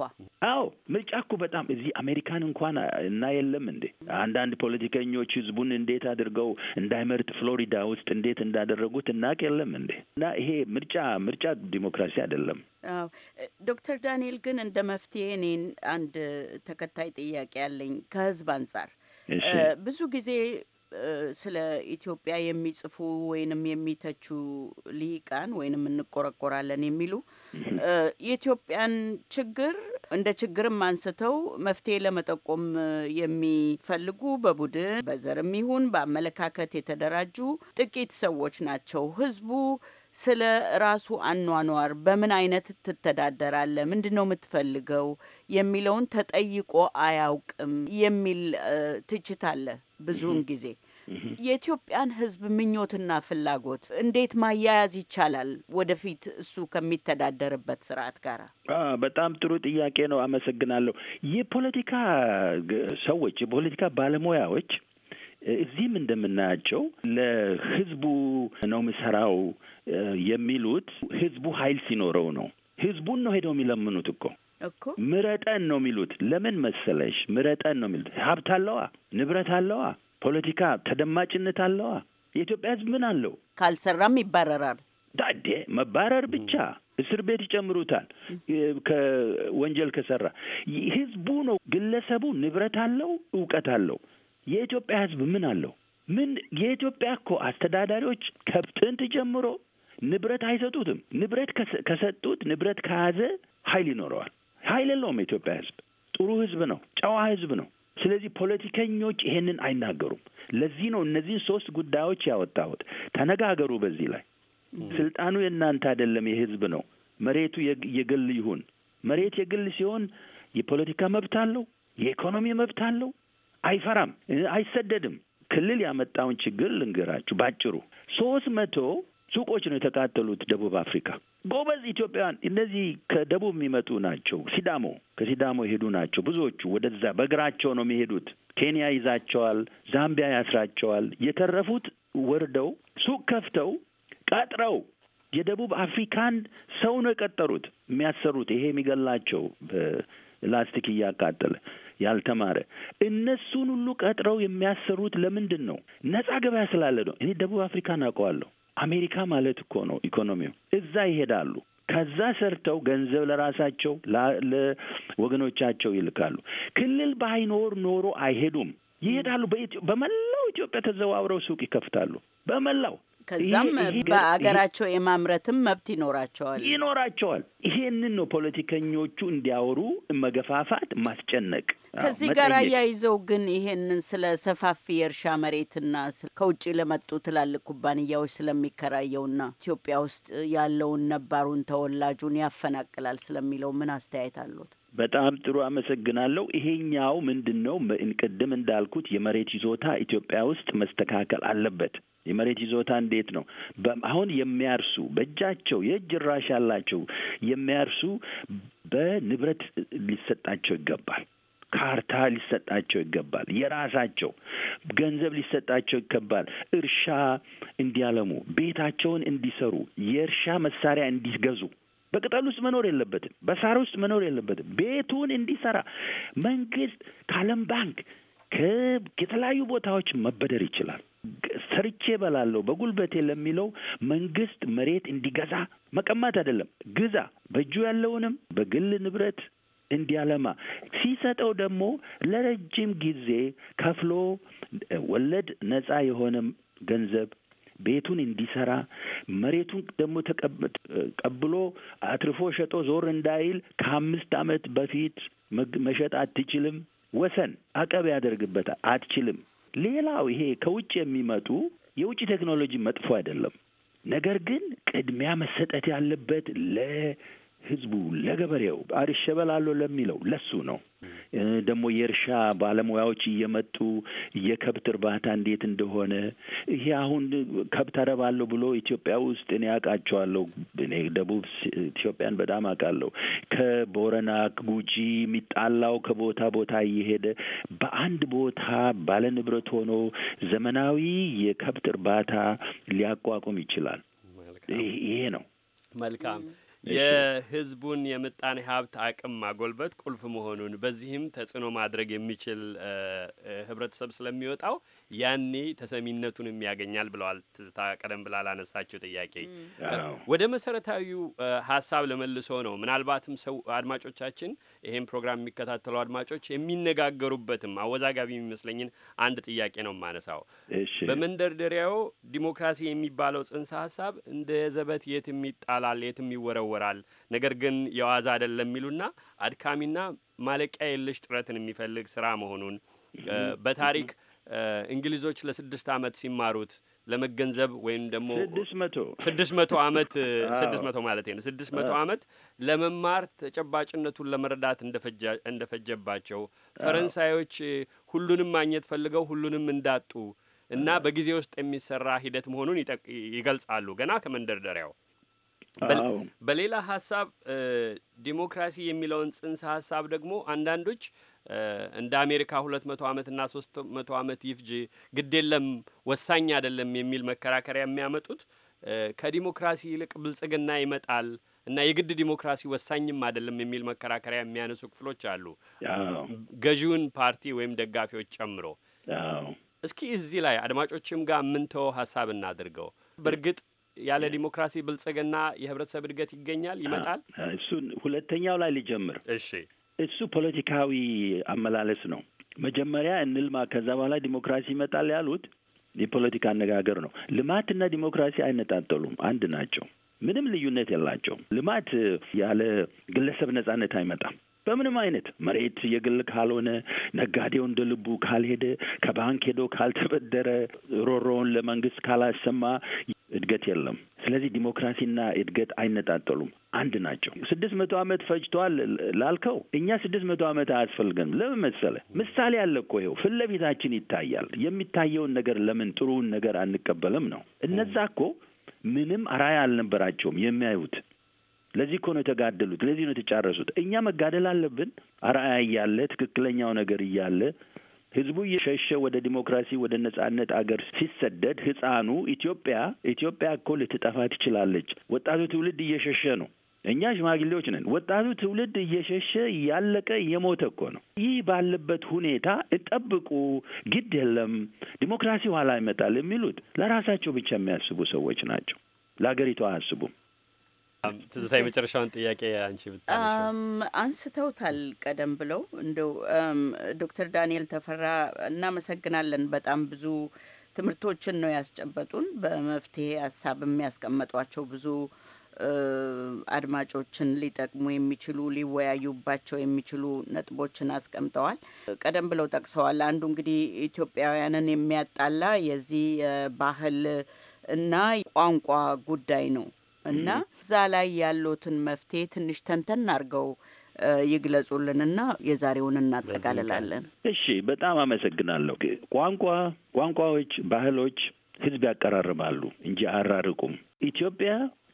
አዎ፣ ምርጫ እኮ በጣም እዚህ አሜሪካን እንኳን እና የለም እንዴ አንዳንድ ፖለቲከኞች ህዝቡን እንዴት አድርገው እንዳይመርጥ ፍሎሪዳ ውስጥ እንዴት እንዳደረጉት እናቅ የለም እንዴ እና ይሄ ምርጫ ምርጫ ዲሞክራሲ አይደለም። ዶክተር ዳንኤል ግን እንደ መፍትሄ እኔን አንድ ተከታይ ጥያቄ ያለኝ ከህዝብ አንጻር ብዙ ጊዜ ስለ ኢትዮጵያ የሚጽፉ ወይንም የሚተቹ ልሂቃን ወይንም እንቆረቆራለን የሚሉ የኢትዮጵያን ችግር እንደ ችግርም አንስተው መፍትሄ ለመጠቆም የሚፈልጉ በቡድን በዘርም ይሁን በአመለካከት የተደራጁ ጥቂት ሰዎች ናቸው። ህዝቡ ስለ ራሱ አኗኗር በምን አይነት ትተዳደራለ፣ ምንድን ነው የምትፈልገው የሚለውን ተጠይቆ አያውቅም የሚል ትችት አለ። ብዙውን ጊዜ የኢትዮጵያን ሕዝብ ምኞትና ፍላጎት እንዴት ማያያዝ ይቻላል? ወደፊት እሱ ከሚተዳደርበት ስርዓት ጋር። በጣም ጥሩ ጥያቄ ነው። አመሰግናለሁ። የፖለቲካ ሰዎች፣ የፖለቲካ ባለሙያዎች እዚህም እንደምናያቸው ለህዝቡ ነው ምሰራው የሚሉት ህዝቡ ኃይል ሲኖረው ነው። ህዝቡን ነው ሄደው የሚለምኑት እኮ እኮ ምረጠን ነው የሚሉት። ለምን መሰለሽ? ምረጠን ነው የሚሉት። ሀብት አለዋ፣ ንብረት አለዋ፣ ፖለቲካ ተደማጭነት አለዋ። የኢትዮጵያ ህዝብ ምን አለው? ካልሰራም ይባረራል። ዳዴ መባረር ብቻ እስር ቤት ይጨምሩታል። ከወንጀል ከሰራ ህዝቡ ነው። ግለሰቡ ንብረት አለው፣ እውቀት አለው፣ የኢትዮጵያ ህዝብ ምን አለው? ምን የኢትዮጵያ እኮ አስተዳዳሪዎች ከጥንት ጀምሮ ንብረት አይሰጡትም። ንብረት ከሰጡት ንብረት ከያዘ ኃይል ይኖረዋል። ኃይል የለውም። የኢትዮጵያ ህዝብ ጥሩ ህዝብ ነው። ጨዋ ህዝብ ነው። ስለዚህ ፖለቲከኞች ይሄንን አይናገሩም። ለዚህ ነው እነዚህን ሶስት ጉዳዮች ያወጣሁት። ተነጋገሩ በዚህ ላይ። ስልጣኑ የእናንተ አይደለም፣ የህዝብ ነው። መሬቱ የግል ይሁን። መሬት የግል ሲሆን የፖለቲካ መብት አለው፣ የኢኮኖሚ መብት አለው፣ አይፈራም፣ አይሰደድም። ክልል ያመጣውን ችግር ልንገራችሁ ባጭሩ ሶስት መቶ ሱቆች ነው የተቃጠሉት ደቡብ አፍሪካ። ጎበዝ ኢትዮጵያውያን እነዚህ ከደቡብ የሚመጡ ናቸው። ሲዳሞ ከሲዳሞ የሄዱ ናቸው ብዙዎቹ። ወደዛ በእግራቸው ነው የሚሄዱት። ኬንያ ይዛቸዋል፣ ዛምቢያ ያስራቸዋል። የተረፉት ወርደው ሱቅ ከፍተው ቀጥረው የደቡብ አፍሪካን ሰው ነው የቀጠሩት የሚያሰሩት። ይሄ የሚገላቸው ላስቲክ እያቃጠለ ያልተማረ እነሱን ሁሉ ቀጥረው የሚያሰሩት ለምንድን ነው? ነጻ ገበያ ስላለ ነው። እኔ ደቡብ አፍሪካን አውቀዋለሁ። አሜሪካ ማለት እኮ ነው ኢኮኖሚው። እዛ ይሄዳሉ። ከዛ ሰርተው ገንዘብ ለራሳቸው ለወገኖቻቸው ይልካሉ። ክልል ባይኖር ኖሮ አይሄዱም። ይሄዳሉ። በመላው ኢትዮጵያ ተዘዋውረው ሱቅ ይከፍታሉ። በመላው ከዛም በአገራቸው የማምረትም መብት ይኖራቸዋል ይኖራቸዋል። ይሄንን ነው ፖለቲከኞቹ እንዲያወሩ መገፋፋት፣ ማስጨነቅ። ከዚህ ጋር አያይዘው ግን ይሄንን ስለ ሰፋፊ የእርሻ መሬትና ከውጭ ለመጡ ትላልቅ ኩባንያዎች ስለሚከራየውና ኢትዮጵያ ውስጥ ያለውን ነባሩን ተወላጁን ያፈናቅላል ስለሚለው ምን አስተያየት አሉት? በጣም ጥሩ አመሰግናለሁ። ይሄኛው ምንድን ነው? ቅድም እንዳልኩት የመሬት ይዞታ ኢትዮጵያ ውስጥ መስተካከል አለበት። የመሬት ይዞታ እንዴት ነው? አሁን የሚያርሱ በእጃቸው የእጅ ራሽ ያላቸው የሚያርሱ በንብረት ሊሰጣቸው ይገባል። ካርታ ሊሰጣቸው ይገባል። የራሳቸው ገንዘብ ሊሰጣቸው ይገባል። እርሻ እንዲያለሙ፣ ቤታቸውን እንዲሰሩ፣ የእርሻ መሳሪያ እንዲገዙ በቅጠል ውስጥ መኖር የለበትም። በሳር ውስጥ መኖር የለበትም። ቤቱን እንዲሰራ መንግስት ከዓለም ባንክ ከተለያዩ ቦታዎች መበደር ይችላል። ሰርቼ በላለው በጉልበቴ ለሚለው መንግስት መሬት እንዲገዛ መቀማት አይደለም፣ ግዛ። በእጁ ያለውንም በግል ንብረት እንዲያለማ ሲሰጠው ደግሞ ለረጅም ጊዜ ከፍሎ ወለድ ነጻ የሆነ ገንዘብ ቤቱን እንዲሰራ መሬቱን ደግሞ ቀብሎ አትርፎ ሸጦ ዞር እንዳይል ከአምስት ዓመት በፊት መሸጥ አትችልም፣ ወሰን አቀብ ያደርግበታል። አትችልም። ሌላው ይሄ ከውጭ የሚመጡ የውጭ ቴክኖሎጂ መጥፎ አይደለም። ነገር ግን ቅድሚያ መሰጠት ያለበት ህዝቡ ለገበሬው አርሸበላለሁ ለሚለው ለሱ ነው። ደግሞ የእርሻ ባለሙያዎች እየመጡ የከብት እርባታ እንዴት እንደሆነ ይሄ አሁን ከብት አረባለሁ ብሎ ኢትዮጵያ ውስጥ እኔ አውቃቸዋለሁ። እኔ ደቡብ ኢትዮጵያን በጣም አውቃለሁ። ከቦረና ጉጂ የሚጣላው ከቦታ ቦታ እየሄደ በአንድ ቦታ ባለንብረት ሆኖ ዘመናዊ የከብት እርባታ ሊያቋቁም ይችላል። ይሄ ነው መልካም የህዝቡን የምጣኔ ሀብት አቅም ማጎልበት ቁልፍ መሆኑን በዚህም ተጽዕኖ ማድረግ የሚችል ህብረተሰብ ስለሚወጣው ያኔ ተሰሚነቱንም ያገኛል ብለዋል። ትዝታ ቀደም ብላ ላነሳቸው ጥያቄ ወደ መሰረታዊው ሀሳብ ለመልሶ ነው። ምናልባትም ሰው አድማጮቻችን፣ ይህም ፕሮግራም የሚከታተሉ አድማጮች የሚነጋገሩበትም አወዛጋቢ የሚመስለኝን አንድ ጥያቄ ነው የማነሳው። በመንደርደሪያው ዲሞክራሲ የሚባለው ጽንሰ ሀሳብ እንደ ዘበት የትም ይጣላል የትም ይወረወ ይሰወራል። ነገር ግን የዋዛ አይደለም የሚሉና አድካሚና ማለቂያ የለሽ ጥረትን የሚፈልግ ስራ መሆኑን በታሪክ እንግሊዞች ለስድስት ዓመት ሲማሩት ለመገንዘብ ወይም ደግሞ ስድስት መቶ ስድስት መቶ ዓመት ስድስት መቶ ማለት ነው ስድስት መቶ ዓመት ለመማር ተጨባጭነቱን ለመረዳት እንደፈጀባቸው ፈረንሳዮች ሁሉንም ማግኘት ፈልገው ሁሉንም እንዳጡ እና በጊዜ ውስጥ የሚሰራ ሂደት መሆኑን ይገልጻሉ ገና ከመንደርደሪያው። በሌላ ሀሳብ ዲሞክራሲ የሚለውን ጽንሰ ሀሳብ ደግሞ አንዳንዶች እንደ አሜሪካ ሁለት መቶ ዓመትና ሶስት መቶ ዓመት ይፍጅ ግድ የለም ወሳኝ አይደለም የሚል መከራከሪያ የሚያመጡት ከዲሞክራሲ ይልቅ ብልጽግና ይመጣል እና የግድ ዲሞክራሲ ወሳኝም አይደለም የሚል መከራከሪያ የሚያነሱ ክፍሎች አሉ፣ ገዢውን ፓርቲ ወይም ደጋፊዎች ጨምሮ። እስኪ እዚህ ላይ አድማጮችም ጋር የምንተወው ሀሳብ እናድርገው። በእርግጥ ያለ ዲሞክራሲ ብልጽግና የህብረተሰብ እድገት ይገኛል ይመጣል። እሱን ሁለተኛው ላይ ሊጀምር። እሺ እሱ ፖለቲካዊ አመላለስ ነው። መጀመሪያ እንልማ፣ ከዛ በኋላ ዲሞክራሲ ይመጣል ያሉት የፖለቲካ አነጋገር ነው። ልማትና ዲሞክራሲ አይነጣጠሉም፣ አንድ ናቸው። ምንም ልዩነት የላቸውም። ልማት ያለ ግለሰብ ነጻነት አይመጣም። በምንም አይነት መሬት የግል ካልሆነ፣ ነጋዴው እንደ ልቡ ካልሄደ፣ ከባንክ ሄዶ ካልተበደረ፣ ሮሮውን ለመንግስት ካላሰማ፣ እድገት የለም። ስለዚህ ዲሞክራሲና እድገት አይነጣጠሉም፣ አንድ ናቸው። ስድስት መቶ ዓመት ፈጅተዋል ላልከው እኛ ስድስት መቶ ዓመት አያስፈልገንም። ለምን መሰለ? ምሳሌ አለ እኮ ይኸው ፊት ለፊታችን ይታያል። የሚታየውን ነገር ለምን ጥሩውን ነገር አንቀበልም ነው። እነዛ እኮ ምንም አራያ አልነበራቸውም የሚያዩት። ለዚህ እኮ ነው የተጋደሉት፣ ለዚህ ነው የተጫረሱት። እኛ መጋደል አለብን አራያ እያለ ትክክለኛው ነገር እያለ ህዝቡ እየሸሸ ወደ ዲሞክራሲ ወደ ነጻነት አገር ሲሰደድ ህፃኑ ኢትዮጵያ ኢትዮጵያ እኮ ልትጠፋ ትችላለች። ወጣቱ ትውልድ እየሸሸ ነው። እኛ ሽማግሌዎች ነን። ወጣቱ ትውልድ እየሸሸ እያለቀ እየሞተ እኮ ነው። ይህ ባለበት ሁኔታ እጠብቁ፣ ግድ የለም ዲሞክራሲ ኋላ ይመጣል የሚሉት ለራሳቸው ብቻ የሚያስቡ ሰዎች ናቸው። ለሀገሪቷ አያስቡም። ትዝታ የመጨረሻውን ጥያቄ አንቺ አንስተውታል ቀደም ብለው እንደው ዶክተር ዳንኤል ተፈራ እናመሰግናለን። በጣም ብዙ ትምህርቶችን ነው ያስጨበጡን። በመፍትሄ ሀሳብ የሚያስቀመጧቸው ብዙ አድማጮችን ሊጠቅሙ የሚችሉ ሊወያዩባቸው የሚችሉ ነጥቦችን አስቀምጠዋል። ቀደም ብለው ጠቅሰዋል። አንዱ እንግዲህ ኢትዮጵያውያንን የሚያጣላ የዚህ ባህል እና ቋንቋ ጉዳይ ነው። እና እዛ ላይ ያሉትን መፍትሄ ትንሽ ተንተን አድርገው ይግለጹልንና የዛሬውን እናጠቃልላለን። እሺ፣ በጣም አመሰግናለሁ። ቋንቋ፣ ቋንቋዎች፣ ባህሎች ህዝብ ያቀራርባሉ እንጂ አራርቁም። ኢትዮጵያ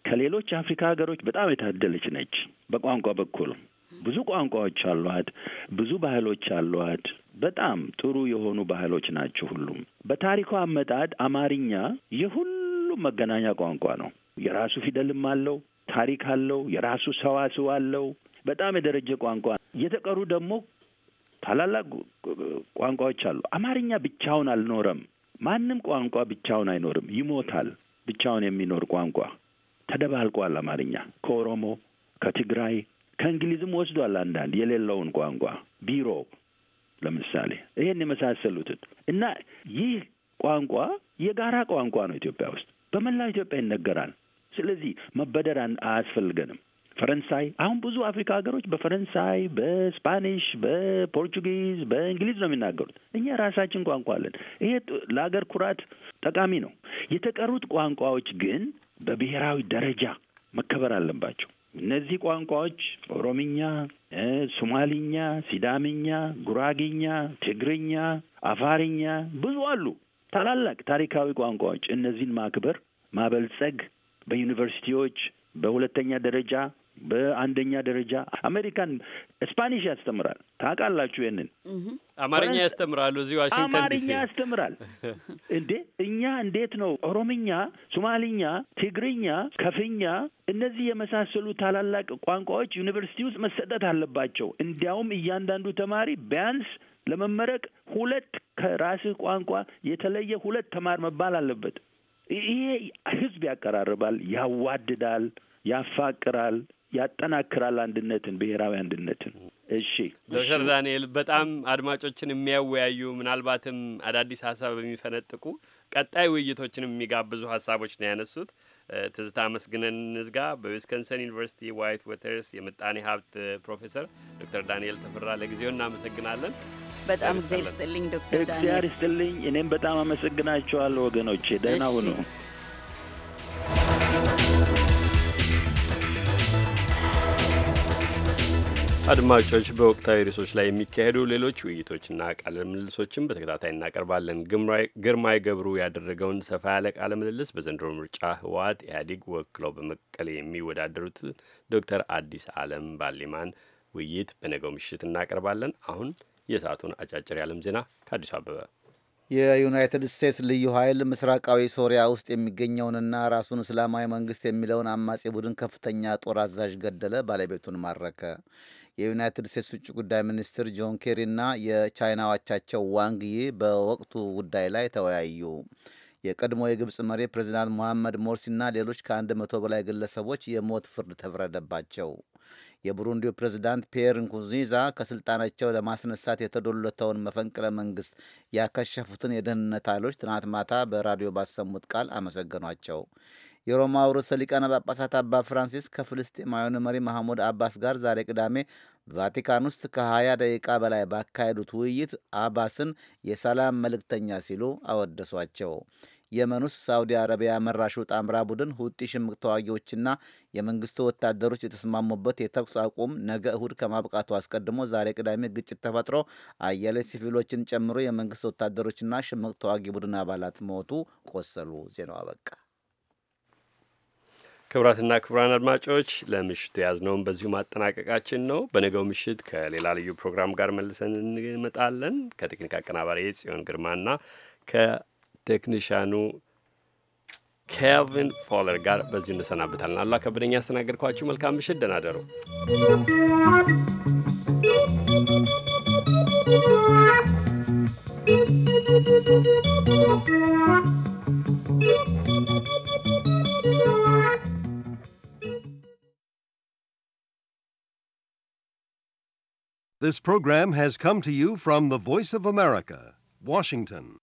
ከሌሎች አፍሪካ ሀገሮች በጣም የታደለች ነች። በቋንቋ በኩል ብዙ ቋንቋዎች አሏት፣ ብዙ ባህሎች አሏት። በጣም ጥሩ የሆኑ ባህሎች ናቸው ሁሉም። በታሪኳ አመጣጥ አማርኛ የሁሉም መገናኛ ቋንቋ ነው። የራሱ ፊደልም አለው፣ ታሪክ አለው፣ የራሱ ሰዋስው አለው። በጣም የደረጀ ቋንቋ። የተቀሩ ደግሞ ታላላቅ ቋንቋዎች አሉ። አማርኛ ብቻውን አልኖረም። ማንም ቋንቋ ብቻውን አይኖርም፣ ይሞታል። ብቻውን የሚኖር ቋንቋ ተደባልቋል። አማርኛ ከኦሮሞ ከትግራይ ከእንግሊዝም ወስዷል። አንዳንድ የሌለውን ቋንቋ ቢሮ ለምሳሌ ይሄን የመሳሰሉትን እና ይህ ቋንቋ የጋራ ቋንቋ ነው ኢትዮጵያ ውስጥ በመላው ኢትዮጵያ ይነገራል። ስለዚህ መበደር አያስፈልገንም። ፈረንሳይ አሁን ብዙ አፍሪካ ሀገሮች በፈረንሳይ፣ በስፓኒሽ፣ በፖርቹጊዝ፣ በእንግሊዝ ነው የሚናገሩት። እኛ ራሳችን ቋንቋ አለን። ይሄ ለሀገር ኩራት ጠቃሚ ነው። የተቀሩት ቋንቋዎች ግን በብሔራዊ ደረጃ መከበር አለባቸው። እነዚህ ቋንቋዎች ኦሮምኛ፣ ሶማሊኛ፣ ሲዳምኛ፣ ጉራጌኛ፣ ትግርኛ፣ አፋርኛ ብዙ አሉ። ታላላቅ ታሪካዊ ቋንቋዎች እነዚህን ማክበር ማበልጸግ በዩኒቨርሲቲዎች በሁለተኛ ደረጃ በአንደኛ ደረጃ አሜሪካን ስፓኒሽ ያስተምራል። ታውቃላችሁ ይንን አማርኛ ያስተምራሉ። እዚህ ዋሽንግተን አማርኛ ያስተምራል። እንዴ እኛ እንዴት ነው ኦሮምኛ፣ ሶማሊኛ፣ ትግርኛ፣ ከፍኛ እነዚህ የመሳሰሉ ታላላቅ ቋንቋዎች ዩኒቨርሲቲ ውስጥ መሰጠት አለባቸው። እንዲያውም እያንዳንዱ ተማሪ ቢያንስ ለመመረቅ ሁለት ከራስህ ቋንቋ የተለየ ሁለት ተማር መባል አለበት። ይሄ ህዝብ ያቀራርባል፣ ያዋድዳል፣ ያፋቅራል፣ ያጠናክራል አንድነትን ብሔራዊ አንድነትን። እሺ ዶክተር ዳንኤል በጣም አድማጮችን የሚያወያዩ ምናልባትም አዳዲስ ሀሳብ የሚፈነጥቁ ቀጣይ ውይይቶችን የሚጋብዙ ሀሳቦች ነው ያነሱት። ትዝታ መስግነን ንዝጋ በዊስኮንሰን ዩኒቨርሲቲ ዋይት ወተርስ የምጣኔ ሀብት ፕሮፌሰር ዶክተር ዳንኤል ተፈራ ለጊዜው እናመሰግናለን። በጣም እግዚአብሔር ይስጥልኝ ዶክተር ዳንኤል እግዚአብሔር ይስጥልኝ። እኔም በጣም አመሰግናቸዋለሁ ወገኖቼ፣ ደህና ሁኑ። አድማጮች በወቅታዊ ርዕሶች ላይ የሚካሄዱ ሌሎች ውይይቶችና ቃለ ምልልሶችን በተከታታይ እናቀርባለን። ግርማይ ገብሩ ያደረገውን ሰፋ ያለ ቃለ ምልልስ በዘንድሮ ምርጫ ህወሓት ኢህአዴግ ወክለው በመቀሌ የሚወዳደሩት ዶክተር አዲስ አለም ባሌማን ውይይት በነገው ምሽት እናቀርባለን። አሁን የሰዓቱን አጫጭር የዓለም ዜና ከአዲሱ አበበ። የዩናይትድ ስቴትስ ልዩ ኃይል ምስራቃዊ ሶሪያ ውስጥ የሚገኘውንና ራሱን እስላማዊ መንግስት የሚለውን አማጺ ቡድን ከፍተኛ ጦር አዛዥ ገደለ፣ ባለቤቱን ማረከ። የዩናይትድ ስቴትስ ውጭ ጉዳይ ሚኒስትር ጆን ኬሪና የቻይናዎቻቸው ዋንግ ይ በወቅቱ ጉዳይ ላይ ተወያዩ። የቀድሞ የግብፅ መሪ ፕሬዚዳንት ሞሐመድ እና ሌሎች ከአንድ መቶ በላይ ግለሰቦች የሞት ፍርድ ተፈረደባቸው። የቡሩንዲው ፕሬዝዳንት ፒየር ንኩዚዛ ከስልጣናቸው ለማስነሳት የተዶለተውን መፈንቅለ መንግስት ያከሸፉትን የደህንነት ኃይሎች ትናንት ማታ በራዲዮ ባሰሙት ቃል አመሰገኗቸው። የሮማው ርዕሰ ሊቃነ ጳጳሳት አባ ፍራንሲስ ከፍልስጤማውያኑ መሪ ማሐሙድ አባስ ጋር ዛሬ ቅዳሜ ቫቲካን ውስጥ ከ20 ደቂቃ በላይ ባካሄዱት ውይይት አባስን የሰላም መልእክተኛ ሲሉ አወደሷቸው። የመን ውስጥ ሳውዲ አረቢያ መራሹ ጣምራ ቡድን ሁጢ ሽምቅ ተዋጊዎችና የመንግስቱ ወታደሮች የተስማሙበት የተኩስ አቁም ነገ እሁድ ከማብቃቱ አስቀድሞ ዛሬ ቅዳሜ ግጭት ተፈጥሮ አያሌ ሲቪሎችን ጨምሮ የመንግስት ወታደሮችና ሽምቅ ተዋጊ ቡድን አባላት ሞቱ፣ ቆሰሉ። ዜናው አበቃ። ክቡራትና ክቡራን አድማጮች ለምሽቱ የያዝነውን በዚሁ ማጠናቀቃችን ነው። በነገው ምሽት ከሌላ ልዩ ፕሮግራም ጋር መልሰን እንመጣለን። ከቴክኒክ አቀናባሪ ጽዮን ግርማና ፎለር ጋር በዚሁ እንሰናብታለን። ያስተናገድኳችሁ። መልካም ምሽት፣ ደህና ደሩ። This program has come to you from the Voice of America, Washington.